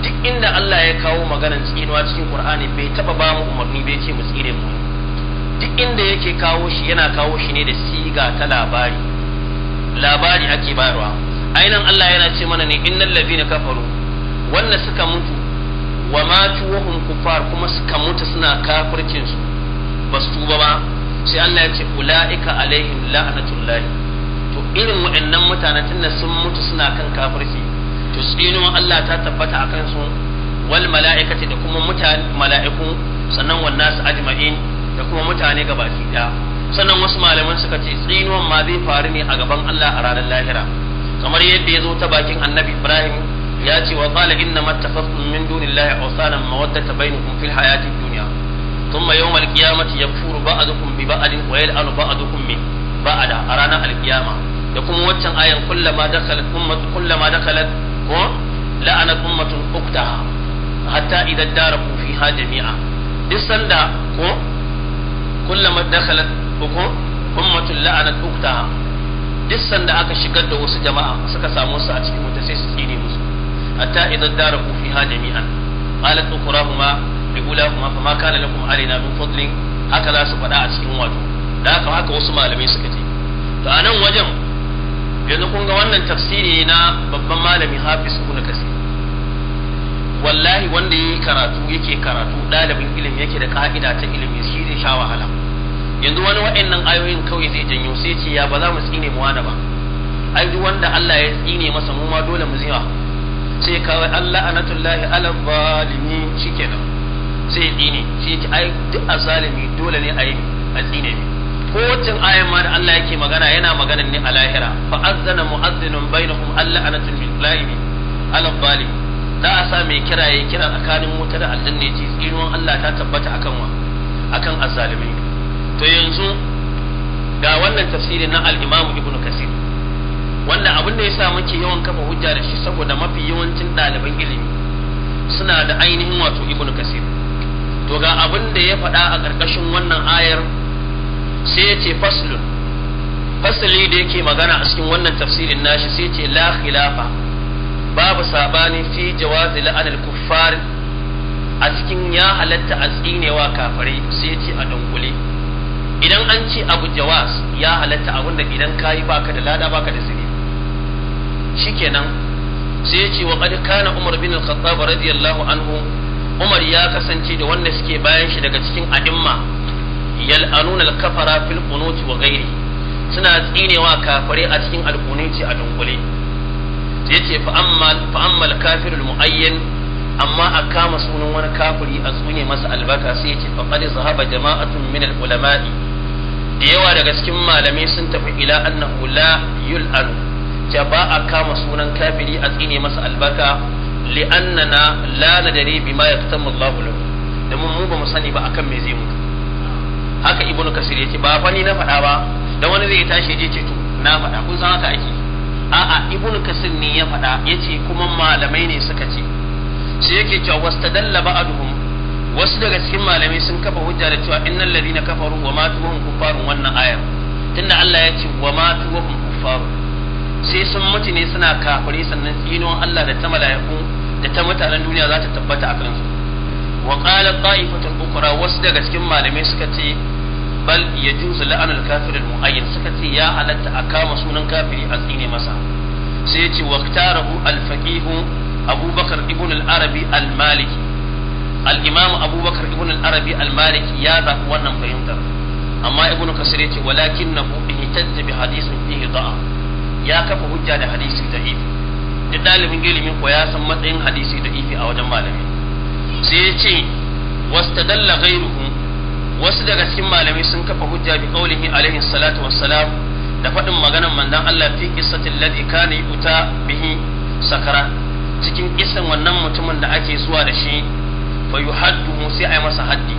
duk inda Allah ya kawo maganar tsinuwa cikin qur'ani bai taba ba mu umarni bai ce mu tsire mu duk inda yake kawo shi yana kawo shi ne da siga ta labari labari ake bayarwa ainihin Allah yana ce mana ne innal ladina kafaru wanda suka mutu wa matu wa kufar kuma suka mutu suna kafircin su ba su tuba ba sai Allah ya ce ulaika alaihim la'natullahi to irin wa'annan mutanen tunda sun mutu suna kan kafirci to tsino Allah ta tabbata akan su wal mala'ikati da kuma mutane mala'iku sannan wan nasu ajma'in da kuma mutane gabaki daya sannan wasu malaman suka ce tsinuwan ma zai faru ne a gaban Allah a ranar lahira kamar yadda ya zo ta bakin annabi Ibrahim ya ce wa qala inna mattakhadtum min dunillahi awsanan mawaddata bainakum fil hayati dunya thumma yawm al-qiyamati yakfuru ba'dukum bi ba'd wa yal'anu ba'dukum min ba'da a ranar al-qiyama da kuma waccan ayan kullama dakhalat ummatu kullama dakhalat ko la'anat ummatun uktaha hatta idan daraku ha jami'a duk sanda ko kullama dakhalat ko ummatun la'anat uktaha duk sanda aka shigar da wasu jama'a suka samu su a cikin wuta sai su tsire musu حتى إذا اداركوا فيها جميعا قالت أخراهما لأولاهما فما كان لكم علينا من فضل هكذا سفداء cikin wato da haka haka wasu malamai suka ce to a nan wajen yanzu kun ga wannan tafsiri na babban malami hafiz kuna kasi wallahi wanda yayi karatu yake karatu ɗalibin ilimi yake da ka'ida ta ilimi shi zai sha wahala yanzu wani wa'annan ayoyin kawai zai janyo sai ce ya ba za mu tsine mu wani ba ai duk wanda Allah ya tsine masa mu ma dole mu ziwa ce kawai Allah anatullahi ala zalimi nan sai dine shi ce ai duk zalimi dole ne yi a tsine ne ko wancan ayan ma da Allah yake magana yana magana ne a lahira fa azzana mu'azzinun bainahum Allah anatullahi alam zalim da a sa mai kira yayi kira tsakanin wuta da aljanna ce tsinuwan Allah ta tabbata akan wa akan azzalimi to yanzu ga wannan tafsirin na al-Imam Ibn Kasir wannan abin da ya sa muke yawan kafa hujja da shi saboda mafi yawancin ɗaliban ilimi suna da ainihin wato ibnu kasir to ga abin da ya faɗa a ƙarƙashin wannan ayar sai ya ce faslun fasali da yake magana a cikin wannan tafsirin nashi sai ce la khilafa babu sabani fi jawazi la'anil kuffar a cikin ya halatta a tsinewa kafare sai ce a dunkule idan an ce abu jawaz ya halatta abinda idan kayi baka da lada baka da zuri shikenan sai ya ce wa qad kana umar bin al-khattab radiyallahu anhu umar ya kasance da wanda suke bayan shi daga cikin a'imma yal'anun al-kafara fil qunut wa ghairi suna tsinewa kafare a cikin al-qunuti a dunkule sai ce fa amma fa amma al-kafirul muayyan amma a kama sunan wani kafiri a tsune masa albarka sai ya ce fa qad zahaba jama'atun min al-ulama'i da yawa daga cikin malamai sun tafi ila annahu la yul'anu ce ba a kama sunan kafiri a tsine masa albaka li'annana la nadari bima yaktamu Allahu lahu mun mu ba mu sani ba akan me zai mutu haka ibnu kasir yace ba fa ni na faɗa ba Da wani zai tashi je ce to na faɗa kun san haka ake a'a ibnu kasir ne ya faɗa yace kuma malamai ne suka ce shi yake cewa wastadalla ba'aduhum wasu daga cikin malamai sun kafa hujja da cewa innal ladina kafaru wa matu wa kuffarun wannan ayar tunda Allah ya ce wa matu wa kuffarun sai sun mutu ne suna kafare sannan tsinuwan Allah da ta mala'iku da ta mutanen duniya za ta tabbata a kansu wa qala ta'ifatul ukra wasu daga cikin malamai suka ce bal yajuzu la'anul kafir mu'ayyan suka ce ya halatta a kama sunan kafiri a tsine masa sai ya ce waqtarahu al-faqih abubakar ibn al-arabi al-maliki abubakar ibn al-arabi al ya zafi wannan fahimtar amma ibn kasir ya ce walakinahu ihtajja bi hadithin fihi ya kafa hujja da hadisi da ifi da dalibin ilimin ko ya san matsayin hadisi da ifi a wajen malami sai ya ce wastadalla ghairuhu wasu daga cikin malami sun kafa hujja bi qaulihi alaihi salatu wassalam da faɗin maganar manzon Allah fi qissatil ladhi kana yuta bihi sakara cikin kisan wannan mutumin da ake zuwa da shi fa yuhaddu sai ai masa haddi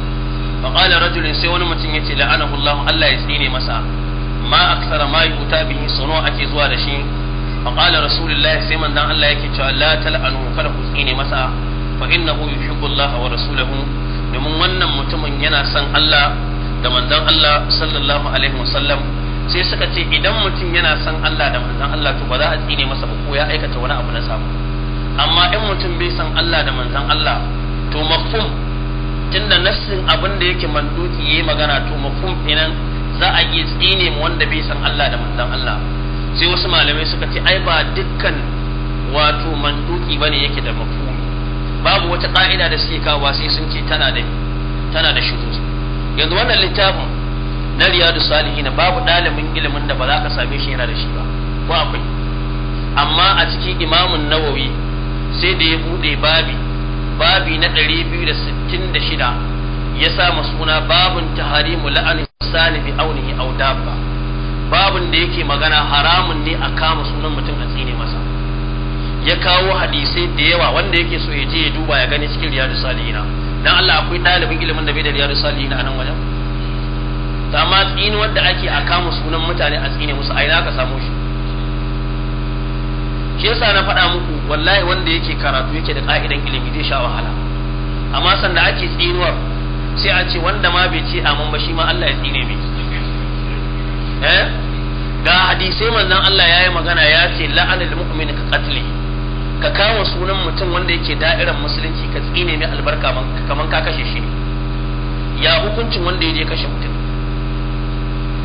fa qala rajulun sai wani mutum yace la'anahu Allah Allah ya tsine masa ma aksara ma yuta bihi sano ake zuwa da shi fa qala rasulullahi sai manzon Allah yake cewa la tal'anu kada ku tsine masa fa innahu yuhibbu Allah wa rasulahu domin wannan mutumin yana son Allah da Allah sallallahu alaihi sai suka ce idan mutum yana san Allah da manzon Allah to ba za a tsine masa ba ko ya aikata wani abu na sabo amma in mutum bai san Allah da manzon Allah to mafhum tunda nassin abin da yake manduki yayi magana to mafhum kenan za a iya tsine mu wanda bai san Allah da manzon Allah sai wasu malamai suka ce ai ba dukkan wato manduki bane yake da mafhumi babu wata ka'ida da suke kawo sai sun ce tana da tana da yanzu wannan littafin na riyadu salihin babu dalibin ilimin da ba za ka same shi yana da shi ba ko akwai amma a cikin imamun nawawi sai da ya bude babi babi na 266 ya sa suna babun taharimu la'ani sani bi aunihi aw dabba babun da yake magana haramun ne a kama sunan mutum a tsine masa ya kawo hadisai da yawa wanda yake so ya je ya duba ya gani cikin riyadu salihina dan Allah akwai dalibin ilimin da bai da riyadu salihina a nan wajen to amma tsini wanda ake a kama sunan mutane a tsine musu a ina ka samu shi shi yasa na faɗa muku wallahi wanda yake karatu yake da ka'idan ilimi zai sha wahala amma sannan ake tsinuwar sai a ce wanda ma bai ce amin ba shi ma Allah ya tsine mai eh ga hadisai manzon Allah ya yi magana ya ce la'anil mu'min ka qatli ka kama sunan mutum wanda yake da'irar musulunci ka tsine mai albarka kaman ka kashe shi ya hukuncin wanda ya je kashe mutum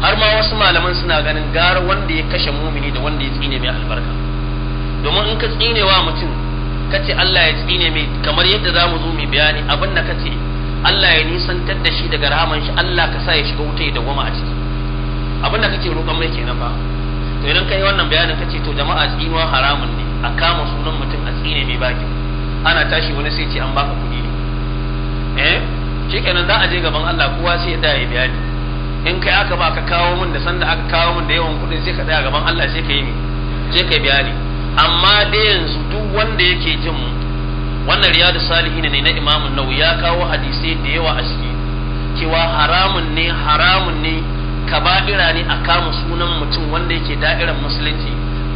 har ma wasu malaman suna ganin gara wanda ya kashe mumini da wanda ya tsine mai albarka domin in ka tsine wa mutum ka ce Allah ya tsine mai kamar yadda za mu zo mu bayani abin da ka ce Allah ya nisantar da shi daga rahaman shi Allah ka sa ya shiga wuta ya dawwama a ciki abinda kake roƙon mai kenan ba to idan kai wannan bayanin kace to jama'a tsinuwa haramun ne a kama sunan mutum a tsine mai baki ana tashi wani sai ce an baka kuɗi ne eh shikenan za a je gaban Allah kowa sai ya da ya bayani in kai aka ba ka kawo min da sanda aka kawo min da yawan kuɗin sai ka tsaya gaban Allah sai ka yi sai ka bayani amma da yanzu duk wanda wannan riyadu salihin ne na imamun nau ya kawo hadisai da yawa a ciki cewa haramun ne haramun ne kaba'ira ne a kama sunan mutum wanda yake da'irar musulunci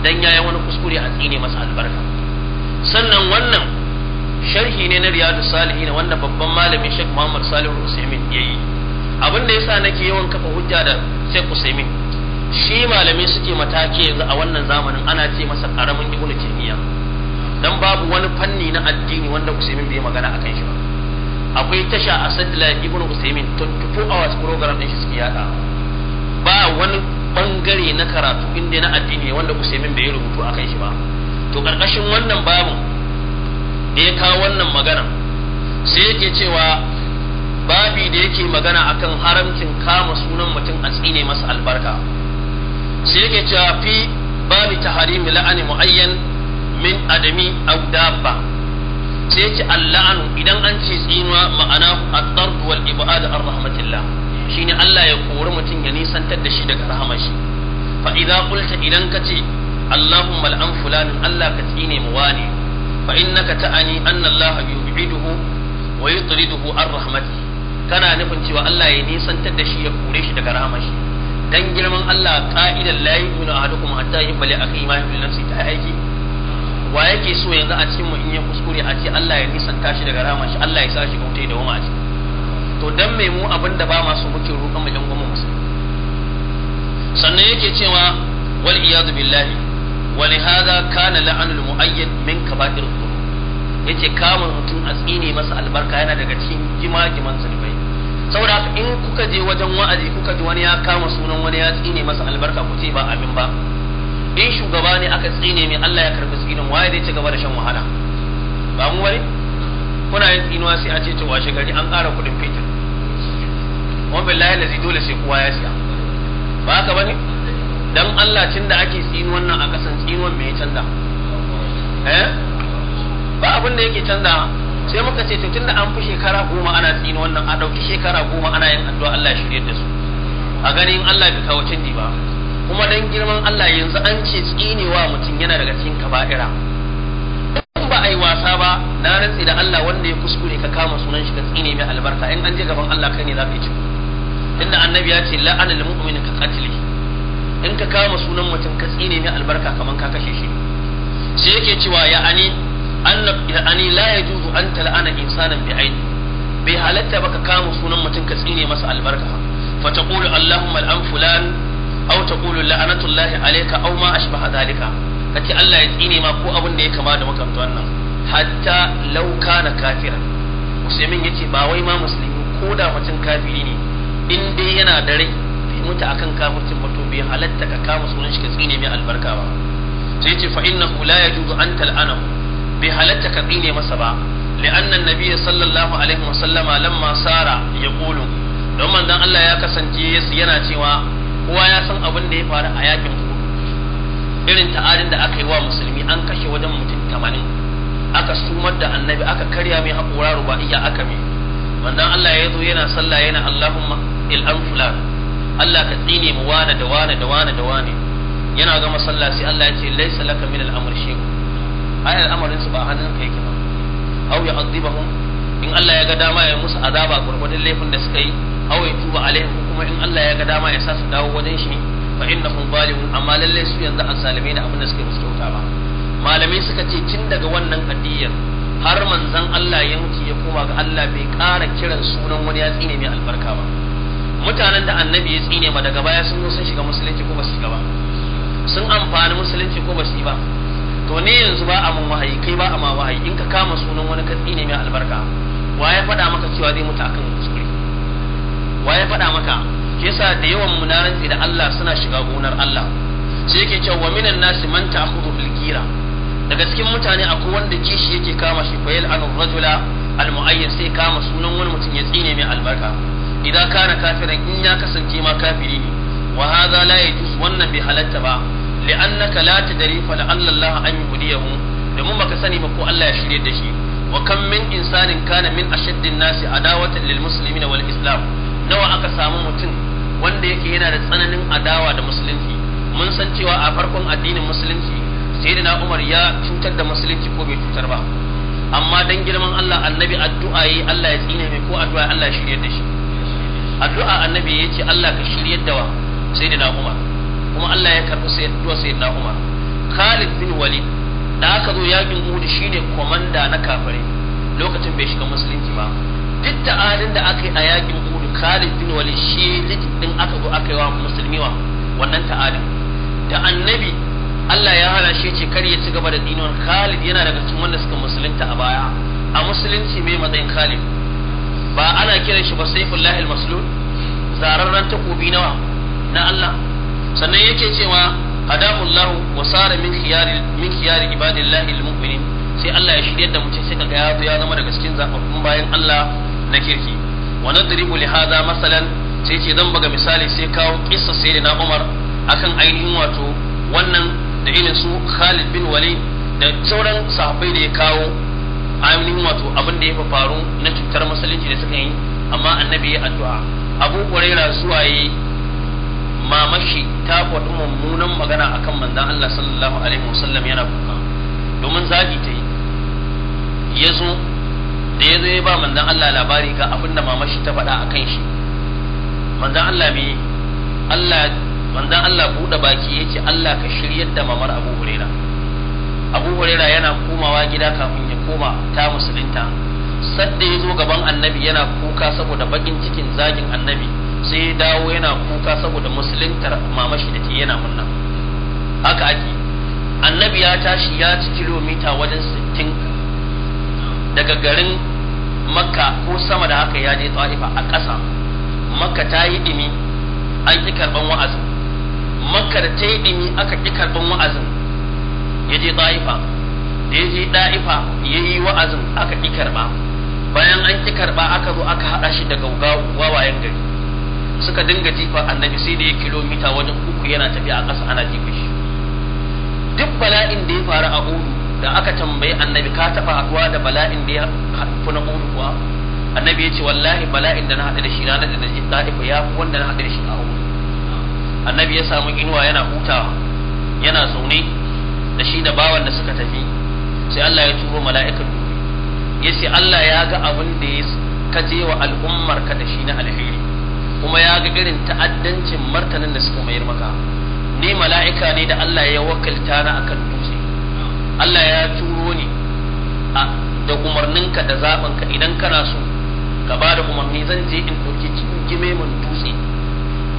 dan yayi wani kuskure a tsine masa albarka sannan wannan sharhi ne na riyadu salihin wanda babban malamin Sheikh Muhammad Salihu Usaimin yayi abinda da yasa nake yawan kafa hujja da Sheikh Usaimin shi malamai suke mataki yanzu a wannan zamanin ana ce masa karamin ibnu taymiya dan babu wani fanni na addini wanda Usaimin bai magana akan shi ba akwai tasha a Sadla Ibn Usaimin 24 hours program din shi suke yada ba wani bangare na karatu inda na addini wanda Usaimin bai rubutu akan shi ba to karkashin wannan babu da ya kawo wannan magana sai yake cewa babi da yake magana akan haramcin kama sunan mutum a tsine masa albarka sai yake cewa fi babi taharimi la'ani muayyan min adami aw dabba sai ce alla'anu idan an ce tsinuwa ma'ana at-tard wal ibad ar rahmatillah shine Allah ya kori mutum ya nisantar da shi daga rahama shi fa idza qulta idan ka ce Allahumma al'an Allah ka tsine mu wani fa innaka ta'ani anna Allah yub'iduhu wa yutriduhu ar rahmati kana nufin cewa Allah ya nisantar da shi ya kore shi daga rahama shi dan girman Allah ka'idan la yu'minu ahadukum hatta yubali akhi ma fi nafsi ta aiki wa yake so yanzu a cikin mu in ya kuskure a ce Allah ya nisan tashi daga rama shi Allah ya sa shi kautai da wama to dan me mu abin da ba masu muke roƙon mu yan gwamnati musu sannan yake cewa wal iyad billahi wa li hadha kana la'anul muayyad min kaba'ir dhunub yace kamun mutum a tsine masa albarka yana daga cikin gima-giman zunubai saboda in kuka je wajen wa'azi kuka ji wani ya kama sunan wani ya tsine masa albarka ku ce ba amin ba in shugaba ne aka tsine mai Allah ya karbi tsinin waye zai ci gaba da shan wahala ba mu wani kuna yin tsinuwa sai a ce ta washe gari an ƙara kuɗin fetur wani billahi lazi dole sai kowa ya siya ba haka bane dan Allah tun da ake tsinuwan nan a kasan tsinuwan mai ya canza eh ba abin da yake canza sai muka ce to da an fi shekara goma ana tsinuwan nan a ɗauki shekara goma ana yin addu'a Allah ya shirye da su a ganin Allah bai kawo canji ba kuma dan girman Allah yanzu an ce tsinewa mutum yana daga cikin kaba'ira in ba a yi wasa ba na rantsi da Allah wanda ya kuskure ka kama sunan shi ka tsine mai albarka in an je gaban Allah kai ne za ka yi ciki inda annabi ya ce la'anal mu'min ka qatli in ka kama sunan mutum ka tsine mai albarka kaman ka kashe shi sai yake cewa ya ani ani la yajuzu an tal'ana insanan bi aini bai halatta baka kama sunan mutum ka tsine masa albarka fa taqulu allahumma al'an fulan aw taqulu la'anatullahi alayka aw ma ashbaha dhalika kace Allah ya tsine ma ko abin da ya kama da makamta wannan hatta law kana kafira musulmin yace ba wai ma musulmi ko da mutum kafiri ne in dai yana da rai bai mutu akan kafircin ba to bai halatta ka kama sunan shi ka tsine mai albarka ba sai yace fa innahu la yajuzu an tal'anahu bai halatta ka tsine masa ba لأن النبي صلى الله عليه وسلم لما سار يقول لما أن الله يكسن جيس ينا kowa ya san abin da ya faru a yakin uhud irin ta'adin da aka yi wa musulmi an kashe wajen mutum tamanin aka sumar da annabi aka karya mai haƙura ruba'iyya aka mai wannan Allah ya zo yana sallah yana Allahumma ilham fulan Allah ka tsine mu wane da wane da wane da wane yana gama sallah sai Allah ya ce laisa laka min al'amur amr shay ai al'amarin su ba hannun ka yake ba aw ya'dhibahum in Allah ya ga dama ya musu azaba gurgurdan laifin da suka yi aw ya tuba alaihim kuma in Allah ya ga dama ya sa su dawo wajen shi fa innahum zalimun amma lalle su yanzu azzalimai ne abin da suka musu ba malamai suka ce tun daga wannan addiyar har manzon Allah ya mutu ya koma ga Allah bai ƙara kiran sunan wani ya tsine mai albarka ba mutanen da annabi ya tsine ma daga baya sun sun shiga musulunci ko ba su shiga ba sun amfani musulunci ko ba su yi ba to ne yanzu ba a mun wahayi kai ba a ma wahayi in ka kama sunan wani ka tsine mai albarka wa ya faɗa maka cewa zai mutu akan kuskure wa ya faɗa maka Kisa da yawan munaran da Allah suna shiga gonar Allah sai yake cewa wa minan nasi man ta'khudhu bil gira daga cikin mutane akwai wanda kishi yake kama shi fa yal rajula al mu'ayyan sai kama sunan wani mutum ya tsine mai albarka idan kana kafiran in ya kasance ma kafiri ne wa hadha la yajuz wannan bai halatta ba li'annaka la tadri fa la'alla Allah an yuhdiyahu domin baka sani ba ko Allah ya shirye da shi wa kam min insanin kana min ashaddin nasi adawatan lil muslimina wal islam nawa aka samu mutum wanda yake yana da tsananin adawa da musulunci mun san cewa a farkon addinin musulunci na Umar ya cutar da musulunci ko bai cutar ba amma dan girman Allah annabi addu'a yi Allah ya tsine mai ko addu'a Allah ya shiryar da shi addu'a annabi ya ce Allah ka shirya da wa sayyidina Umar kuma Allah ya karbi sai na Umar Khalid bin Walid da aka zo yakin Uhud shine komanda na kafare lokacin bai shiga musulunci ba duk da adin da aka yi a yakin Uhud Khalid bin Walid shi din aka zo aka yi wa musulmi wa wannan ta'ada da annabi Allah ya hana shi ce kar ya ci gaba da dinon Khalid yana daga cikin wanda suka musulunta a baya a musulunci mai matsayin Khalid ba ana kiran shi ba Saifullah al-Maslul zararren takobi nawa na Allah sannan yake cewa hadamullahu wa sara min min khiyari ibadillahi al-mu'minin sai Allah ya shirye da mutum sai kaga ya ya zama daga cikin zababbun bayan Allah na kirki wa nadribu li hadha masalan sai ce zan buga misali sai kawo da sayyidina Umar akan ainihin wato wannan da irin su Khalid bin Walid da sauran sahabbai da ya kawo ainihin wato abin da ya faru na cutar musulunci da suka yi amma annabi ya addu'a Abu Hurairah zuwa yi mamashi ta faɗi mummunan magana akan manzon Allah sallallahu alaihi wasallam yana kuka domin zagi ta yi ya zo da ya zo ya ba manzan Allah labari ga abin da mamashi ta faɗa a kan shi manzan Allah mai Allah manzan Allah buɗe baki ya ce Allah ka shiryar da mamar Abu Huraira Abu Huraira yana komawa gida kafin ya koma ta musulunta sadda ya zo gaban annabi yana kuka saboda bakin cikin zagin annabi sai ya dawo yana kuka saboda musuluntar mamashi da ke yana murna haka ake annabi ya tashi ya ci kilomita wajen sittin. daga garin makka ko sama da haka ya je ta'ifa a ƙasa makka ta yi ɗimi an ƙi karɓan wa'azin makka da ta yi ɗimi aka ƙi karɓan wa'azin ya je ta'ifa da ya je ta'ifa ya yi wa'azin aka ƙi karɓa bayan an ƙi karɓa aka zo aka haɗa shi daga wawayen gari suka dinga jifa annabi sai da ya kilomita wajen uku yana tafiya a ƙasa ana jifa shi duk bala'in da ya faru a udu da aka tambayi annabi ka taba haduwa da bala'in da ya haɗu na Uhud kuwa annabi ya ce wallahi bala'in da na haɗu da shi ranar da naje Taif ya fi wanda na haɗu da shi a Uhud annabi ya samu inuwa yana hutawa yana zaune da shi da bawan da suka tafi sai Allah ya turo mala'ikan dubi ya ce Allah ya ga abin da ya kaje wa al'ummar ka da shi na alheri kuma ya ga irin ta'addancin martanin da suka mayar maka ni mala'ika ne da Allah ya wakilta na akan dutse Allah ya turo ni da umarninka da zaɓinka idan kana so ka ba da umarni zan je in ɗauki cikin gime mun dutse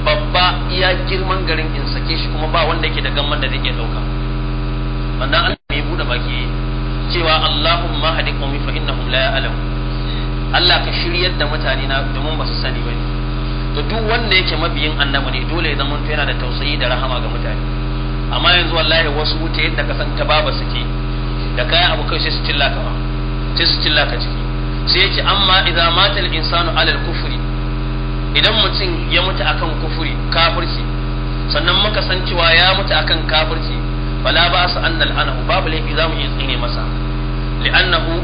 babba iya girman garin in sake shi kuma ba wanda yake da gamman da zai dauka ɗauka wannan Allah mai buɗe baki cewa Allahumma hadi qawmi fa innahum la ya'lam Allah ka shiryar da mutane na domin ba su sani ba to duk wanda yake mabiyin annabi ne dole ya zama yana da tausayi da rahama ga mutane amma yanzu wallahi wasu wuta yadda ka san ta baba suke da kayan abu kai sai su cilla ma sai su ka ciki sai yace ce amma idza mata al insanu alal kufri idan mutum ya mutu akan kufuri kafirci sannan muka san cewa ya mutu akan kafirci fala ba su annal anahu babu laifi zamu yi tsine masa li'annahu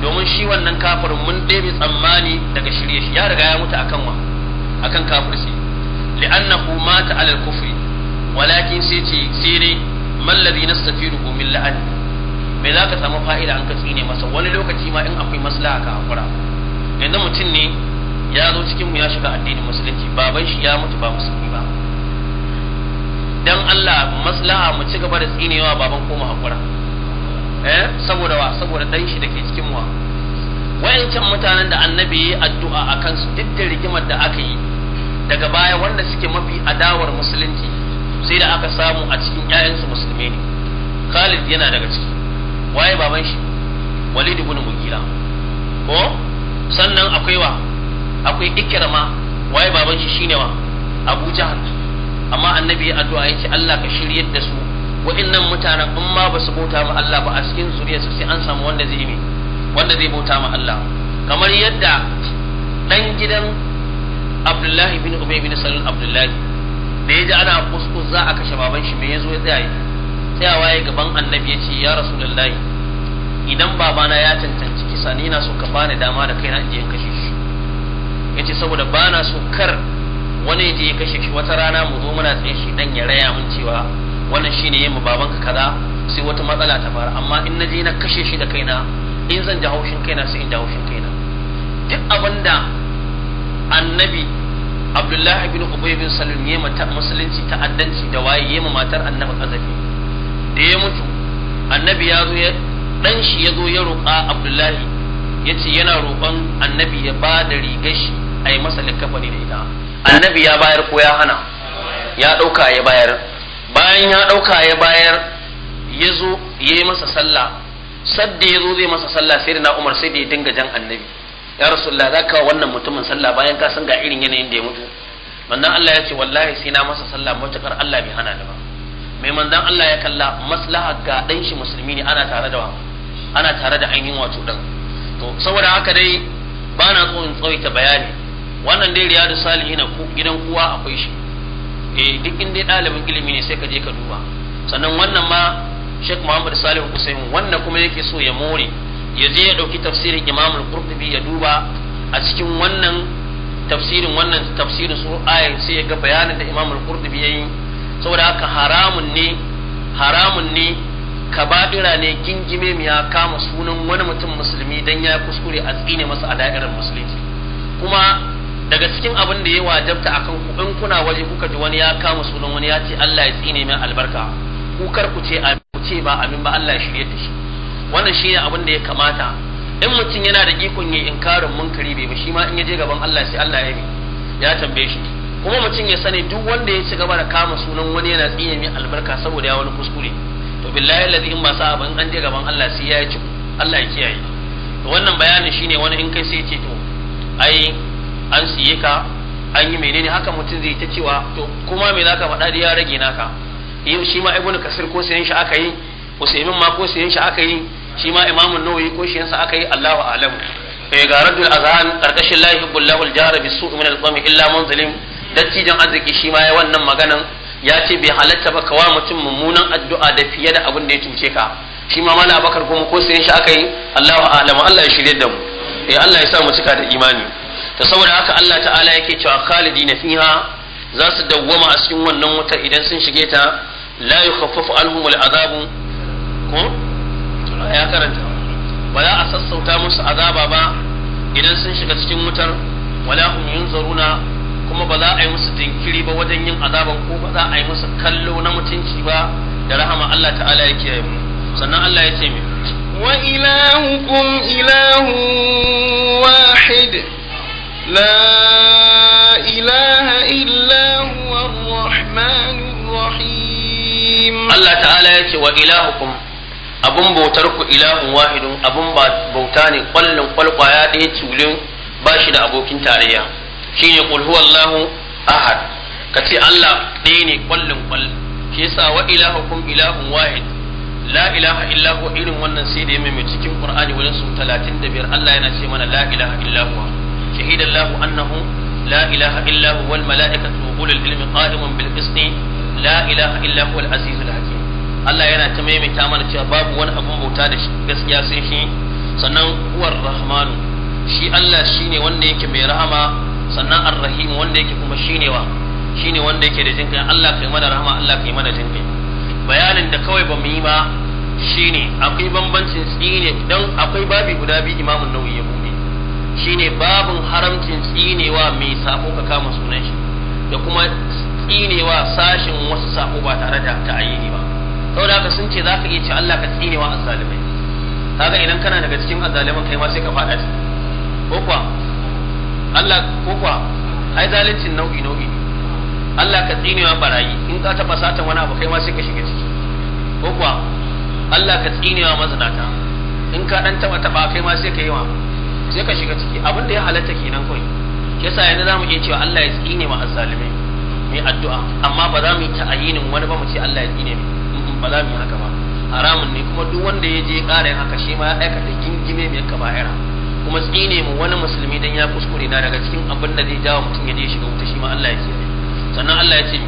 domin shi wannan kafirin mun ɗebe tsammani daga shirye shi ya riga ya mutu akan wa akan kafirci li'annahu mata alal kufri walakin sai ce sai dai mallazi nastafiru min la'ani. me za ka samu fa'ida an ka tsine masa wani lokaci ma in akwai maslaha ka hakura yanzu mutum ne ya zo cikin mu ya shiga addinin musulunci baban shi ya mutu ba musulmi ba dan Allah maslaha mu ci gaba da tsinewa baban ko mu hakura eh saboda wa saboda dan shi dake cikin mu wayancan mutanen da annabi ya addu'a akan su duk da rigimar da aka yi daga baya wanda suke mafi adawar musulunci sai da aka samu a cikin ƴaƴansu musulmi ne Khalid yana daga ciki waye baban shi Walid ibn Mughira ko sannan akwai wa akwai Ikrama waye baban shi shine wa Abu Jahl amma annabi ya addu'a yace Allah ka shiryar da su wa'annan mutanen in ma ba su bauta ma Allah ba a cikin zuriyarsu sai an samu wanda zai yi wanda zai bauta ma Allah kamar yadda dan gidan Abdullahi bin Ubay bin Salul Abdullahi da ya ji ana kuskus za a kashe baban shi me yazo ya tsaya tsayawa ya gaban annabi ya ce ya rasu, rasulullahi idan babana ya cancanci kisa ni na so ka bani dama da kaina in je kashe shi Ya ce saboda bana so kar wani je ya kashe shi wata rana mu zo muna tsaye shi dan ya raya mun cewa wannan shine yin babanka kaza sai wata matsala ta faru amma in na je na kashe shi da kaina in zan ji haushin kaina sai in ji haushin kaina duk abinda annabi abdullahi bin ubay bin salul yema ta musulunci ta'addanci da waye yema matar annabi kazafi da ya mutu annabi ya zo ya dan shi ya zo ya roƙa abdullahi ce yana roƙon annabi ya ba da rigar shi a yi masa likafani da ita annabi ya bayar ko ya hana ya ɗauka ya bayar bayan ya ɗauka ya bayar ya zo ya yi masa sallah sadda ya zo zai masa sallah sai da na umar sai da ya dinga jan annabi ya rasulullah za ka wannan mutumin sallah bayan ka san ga irin yanayin da ya mutu manzon Allah ya ce wallahi sai na masa sallah matukar Allah bai hana ni ba mai manzon Allah ya kalla maslaha ga dan shi musulmi ne ana tare da ana tare da ainihin wato dan to saboda haka dai ba na so in tsawaita bayani wannan dai riyadu salihin ku gidan kowa akwai shi eh duk inda ɗalibin ilimi ne sai ka je ka duba sannan wannan ma Sheikh Muhammad Salihu Hussein wannan kuma yake so ya more ya je ya ɗauki tafsirin imam al-qurtubi ya duba a cikin wannan tafsirin wannan tafsirin su ayar sai ya ga bayanin da imam al-qurtubi yayi saboda haka haramun ne haramun ne kaba'ira ne gingime mu ya kama sunan wani mutum musulmi dan ya kuskure a tsine masa a da'irar musulunci kuma daga cikin abin da ya wajabta akan ku in kuna waje kuka ji wani ya kama sunan wani ya ce Allah ya tsine min albarka ku kar ku ce ku ce ba abin ba Allah ya shirye da shi wannan shine abin da ya kamata in mutum yana da ikon yayi inkarin munkari bai ba shi ma in ya je gaban Allah sai Allah ya yi ya tambaye shi kuma mutum ya sani duk wanda ya ci gaba da kama sunan wani yana tsine min albarka saboda ya wani kuskure to billahi alladhi in ba sa an je gaban Allah sai ya ci Allah ya kiyaye to wannan bayanin shine wani in kai sai ce to ai an siye ka an yi menene haka mutum zai ta cewa to kuma me zaka faɗa da ya rage naka shi ma ibnu kasir ko sayan shi aka yi min ma ko sayan shi aka yi shi ma imamun nawawi ko shi yansa aka yi Allahu a'lamu eh ga rajul azan karkashin lahi yuhibbullahu al-jahra sui min al illa man zalim dattijan arziki shi ma ya wannan maganan ya ce bai halatta ba kawa mutum mummunan addu'a da fiye da abin da ya cuce ka shi ma mala abakar kuma ko sai shi aka yi Allahu a'lamu Allah ya shirye da mu eh Allah ya sa mu cika da imani Ta saboda haka Allah ta'ala yake cewa khalidina fiha za su dawwama a cikin wannan wutar idan sun shige ta la yukhaffafu anhum al-azabu ko ya karanta ba za a sassauta musu azaba ba idan sun shiga cikin wutar wala hum yunzaruna kuma ba za a yi musu jinkiri ba wajen yin azaban ko ba za a yi musu kallo na mutunci ba da rahama Allah ta'ala ya sannan Allah ya ce mai وإلهكم إله abun bautar ku ilahun wahidun abun bauta ne kwallon kwalkwaya ɗaya tulin ba shi da abokin tarayya Shi ne qul huwallahu ahad ka ce Allah ɗaya ne kwallon kwal Ke sa wa kun ilahun wahid la ilaha illa huwa irin wannan sai da ya mai cikin qur'ani wajen su 35 Allah yana ce mana la ilaha illa huwa lahu annahu la ilaha illa huwa wal mala'ikatu wa ulul ilmi qa'iman bil qisti la ilaha illa huwa al azizul hakim Allah yana ta maimaita mana cewa babu wani abun bauta da gaskiya sai shi sannan uwar rahmanu shi Allah shine wanda yake mai rahama sannan ar-rahim wanda yake kuma shine wa shine wanda yake da jinkai Allah kai mana rahama Allah kai mana jinkai bayanin da kawai ba mu yi ba shine akwai bambancin tsine dan akwai babi guda biyu imamun nawawi ya bude shine babin haramcin tsinewa mai sako ka kama sunan shi da kuma tsinewa sashin wasu sako ba tare da ta ta'ayyini ba saboda haka sun ce za ka iya ce Allah ka tsine wa azzalimai kaga idan kana daga cikin azzaliman kai ma sai ka faɗa ci ko kuwa Allah ko kuwa ai zalincin nau'i nau'i Allah ka tsine wa barayi in ka ta satan wani abu kai ma sai ka shiga ciki ko kuwa Allah ka tsine wa mazinata in ka dan taɓa taɓa kai ma sai ka yi wa sai ka shiga ciki abin da ya halatta kenan kawai yasa yanzu za mu iya cewa Allah ya tsine wa azzalimai mai addu'a amma ba za mu yi ta'ayinin wani ba mu ce Allah ya tsine mai ba haka ba haramun ne kuma duk wanda ya je ƙara yin haka shi ma ya aikata gingime mai kaba'ira kuma tsine mu wani musulmi dan ya kuskure na daga cikin abin da zai jawo mutum ya je shiga wuta shi ma Allah ya kiyaye sannan Allah ya ce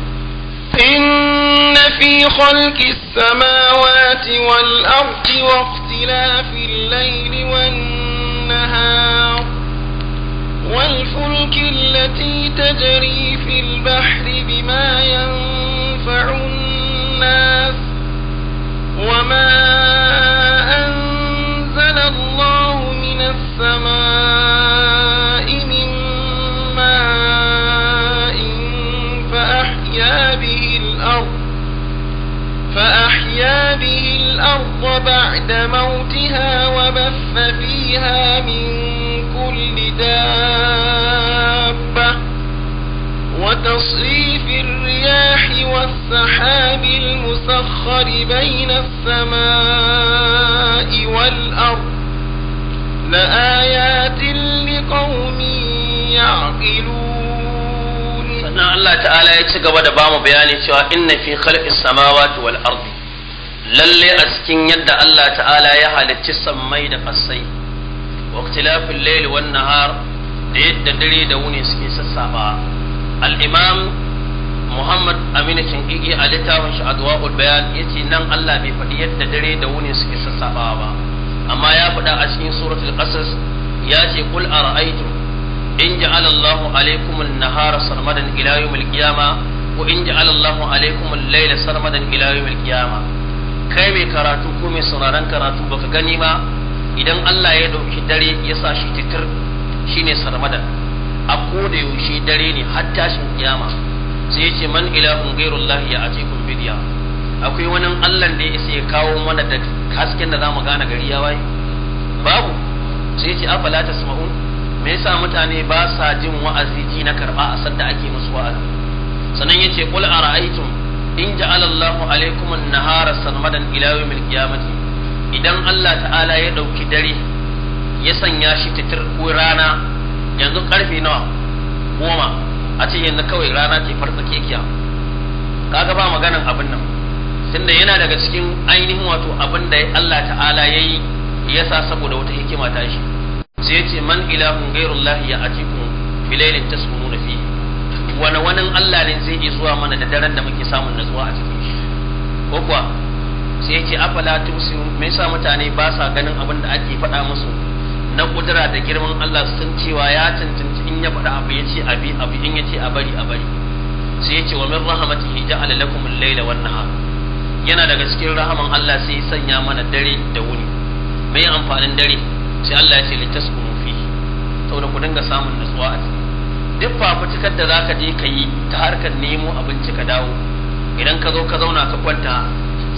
إن في خلق السماوات والأرض واختلاف الليل والنهار والفلك التي تجري في البحر بما ينفع الناس الناس وما أنزل الله من السماء من ماء فأحيا به الأرض فأحيا به الأرض بعد موتها وبث فيها من كل دار وتصريف الرياح والسحاب المسخر بين السماء والأرض لآيات لقوم يعقلون فإن الله تعالى يتقبى دبام بياني سوى إن في خلق السماوات والأرض للي أسكن يد الله تعالى يحل تسم ميد قصي واختلاف الليل والنهار da yadda dare da wuni suke sassafa al-imam muhammad aminu shingigi a littafin shi a bayan ya ce nan allah bai faɗi yadda dare da wuni suke sassaɓawa ba amma ya faɗa a cikin suratul qasas ya ce qul ara'aytum in ja'ala allahu alaykum an-nahara sarmadan ila yawmil qiyamah wa in ja'ala allahu alaykum al sarmadan ila yawmil kai mai karatu ko mai sauraron karatu baka gani ba idan allah ya dauki dare ya sa shi titir shine sarmadan a koda yaushe dare ne har tashin kiyama sai ya ce man ilahun lahiya ya cikin bidiya akwai wani allan da ya ya kawo mana da hasken da mu gane gari ya waye babu sai ya ce afala sumahu me yasa mutane ba sa jin wa'azi ji na karba a sadda ake musu wa'azi sannan ya ce qul ara'aytum in ja'ala Allahu alaykum an-nahara sarmadan ila yawmil qiyamati idan Allah ta'ala ya dauki dare ya sanya shi titir ko rana yanzu karfe nawa goma a ce yanzu kawai rana ce kekiya kaga ba maganan abin nan tunda yana daga cikin ainihin wato abin da Allah ta'ala ya yi yasa saboda wata hikima ta shi sai ya ce man ilahun cikin ya ta su nuna fi wani wani Allah ne zai yi zuwa mana da daren da muke samun natsuwa a cikin shi ko kuwa sai ya ce afala tubsirun mai sa mutane ba sa ganin abin da ake faɗa musu na kudura da girman Allah sun cewa ya cancanci in ya faɗa abu ya ce abi abu in ya ce a bari a bari sai ya ce wa min rahmatihi ja'ala lakum al-layla wan nahar yana daga cikin rahaman Allah sai ya sanya mana dare da wuni mai amfanin dare sai Allah ya ce fi fihi saboda ku dinga samun nutsuwa a ciki duk fafutukar da zaka je ka yi ta harkar nemo abinci ka dawo idan ka zo ka zauna ka kwanta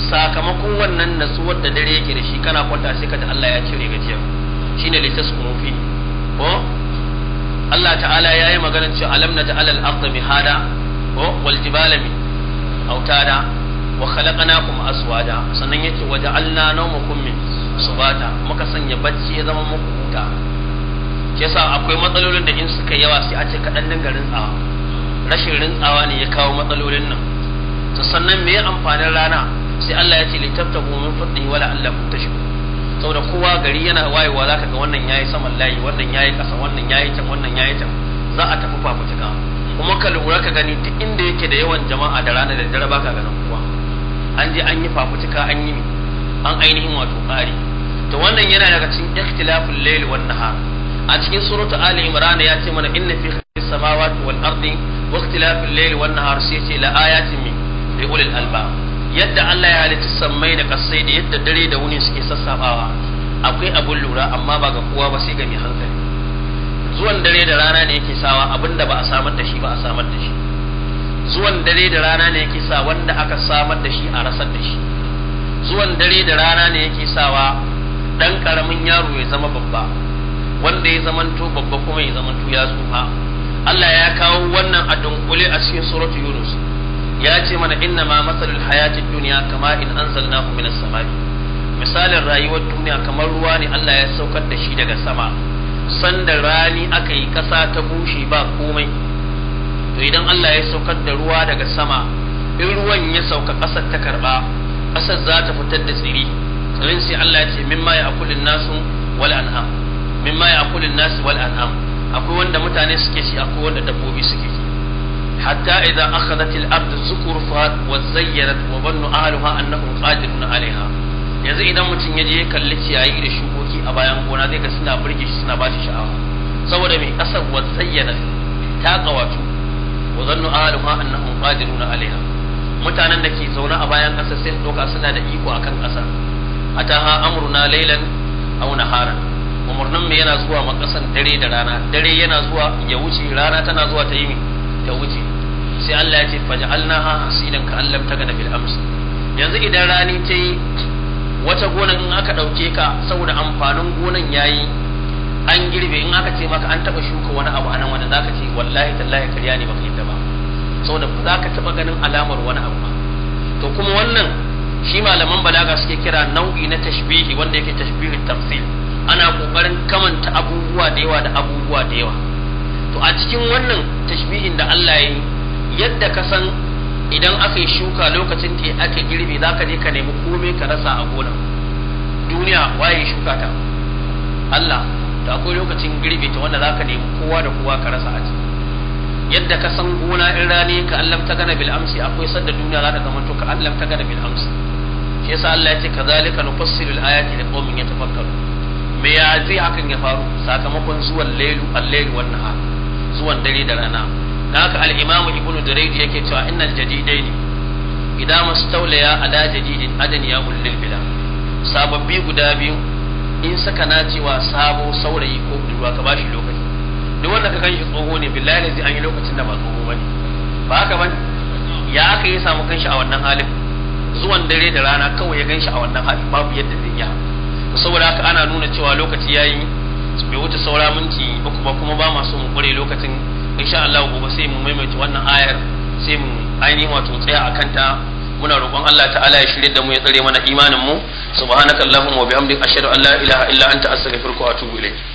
sakamakon wannan nutsuwar da dare yake da shi kana kwanta sai ka da Allah ya cire gajiyar shine litaskunu fi ko Allah ta'ala ya yi maganar cewa alam na ta'ala al-ardh hada ko wal jibala mi autada wa khalaqnakum aswada sannan yake wa ja'alna nawmakum min subata muka sanya bacci ya zama muku huta yasa akwai matsalolin da in suka yawa sai a ce kaɗan garin rintsawa rashin rintsawa ne ya kawo matsalolin nan sannan me amfanin rana sai Allah ya ce litabtabu min fadli wala allakum tashkurun saboda kowa gari yana wayewa zaka ga wannan yayi saman layi wannan yayi kasa wannan yayi can wannan yayi can za a tafi fafutuka kuma ka lura ka gani duk inda yake da yawan jama'a da rana da dare baka ganin kowa an je an yi fafutuka an yi an ainihin wato ƙari to wannan yana daga cikin ikhtilafin layl wan nahar a cikin suratu ali imran ya ce mana inna fi khalqis samawati wal ardi wa ikhtilafil layli wan nahar sai ce la ayatin min li ulil albab yadda Allah ya halitta sammai da kasai da yadda dare da wuni suke sassabawa akwai abun lura amma ba ga kowa ba sai ga mai hankali zuwan dare da rana ne yake sawa abinda ba a samar da shi ba a samar da shi zuwan dare da rana ne yake sa wanda aka samar da shi a rasar da shi zuwan dare da rana ne yake sawa dan karamin yaro ya zama babba wanda ya zamanto babba kuma ya zamanto ya tsufa Allah ya kawo wannan a dunkule a cikin suratul Yunus ya ce mana inna ma masalul hayatid dunya kama in anzalnahu minas samai misalin rayuwar duniya kamar ruwa ne Allah ya saukar da shi daga sama sanda rani aka yi kasa ta bushe ba komai to idan Allah ya saukar da ruwa daga sama in ruwan ya sauka kasar ta karba kasar za ta fitar da tsiri tsirin sai Allah ya ce mimma ya akulin nasu wal an'am mimma ya akulin nasu wal an'am akwai wanda mutane suke ci akwai wanda dabbobi suke ci hatta idan akhadat al-ardu zukurfat wa zayyanat wa bannu ahliha annahum qadirun alaiha yanzu idan mutum ya je kalli ciyayi da shukoki a bayan gona zai ga suna burge shi suna bashi sha'awa saboda mai kasar wa zayyana ta kawatu wa zannu ahliha annahum qadirun alaiha mutanen da ke zaune a bayan ƙasa sai doka suna da iko akan ƙasa ataha amruna laylan aw naharan umarnin mu yana zuwa makasan dare da rana dare yana zuwa ya wuce rana tana zuwa ta yi ta wuce sai Allah ya ce faj'alnaha hasidan ka allam gana bil amsi yanzu idan rani ta yi wata gona in aka dauke ka saboda amfanin gonan yayi an girbe in aka ce maka an taba shuka wani abu anan wanda zaka ce wallahi tallahi kariya ne baka yadda ba saboda zaka taba ganin alamar wani abu to kuma wannan shi malaman balaga suke kira nau'i na tashbihi wanda yake tashbihi tafsil ana kokarin kamanta abubuwa da yawa da abubuwa da yawa to a cikin wannan tashbihin da Allah ya yi yadda ka san idan aka yi shuka lokacin da aka girbe za ka je ka nemi komai ka rasa a gonar duniya waye shuka ta Allah da akwai lokacin girbe ta wanda za ka nemi kowa da kowa ka rasa a ciki yadda ka san gona in rani ka allam ta gana bil amsi akwai sanda duniya za ta zama to ka allam ta gana bil amsi shi yasa Allah ya ce kazalika nufassilu al ayati liqaumin yatafakkarun me ya zai hakan ya faru sakamakon zuwan lailu al-lailu wan nahar zuwan dare da rana da haka al-imam ibn durayd yake cewa innal jadidain idza mustawliya ala jadidin adan ya ulil bila sababbi guda biyu in saka na cewa sabo saurayi ko budurwa ka bashi lokaci duk wanda ka kanshi tsoho ne billahi ne an yi lokacin da ba tsoho bane ba haka bane ya aka yi samu kanshi a wannan halin zuwan dare da rana kawai ya ganshi a wannan halin babu yadda zai iya saboda haka ana nuna cewa lokaci yayi bai wuce saura minti uku ba kuma ba masu mu kware lokacin insha Allah gobe sai mu maimaita wannan ayar sai mu ainihin wato tsaya a kanta muna roƙon Allah ta'ala ya shirye da mu ya tsare mana imanin mu subhanaka allahumma wa bihamdika ashhadu an la ilaha illa anta astaghfiruka wa atubu ilayk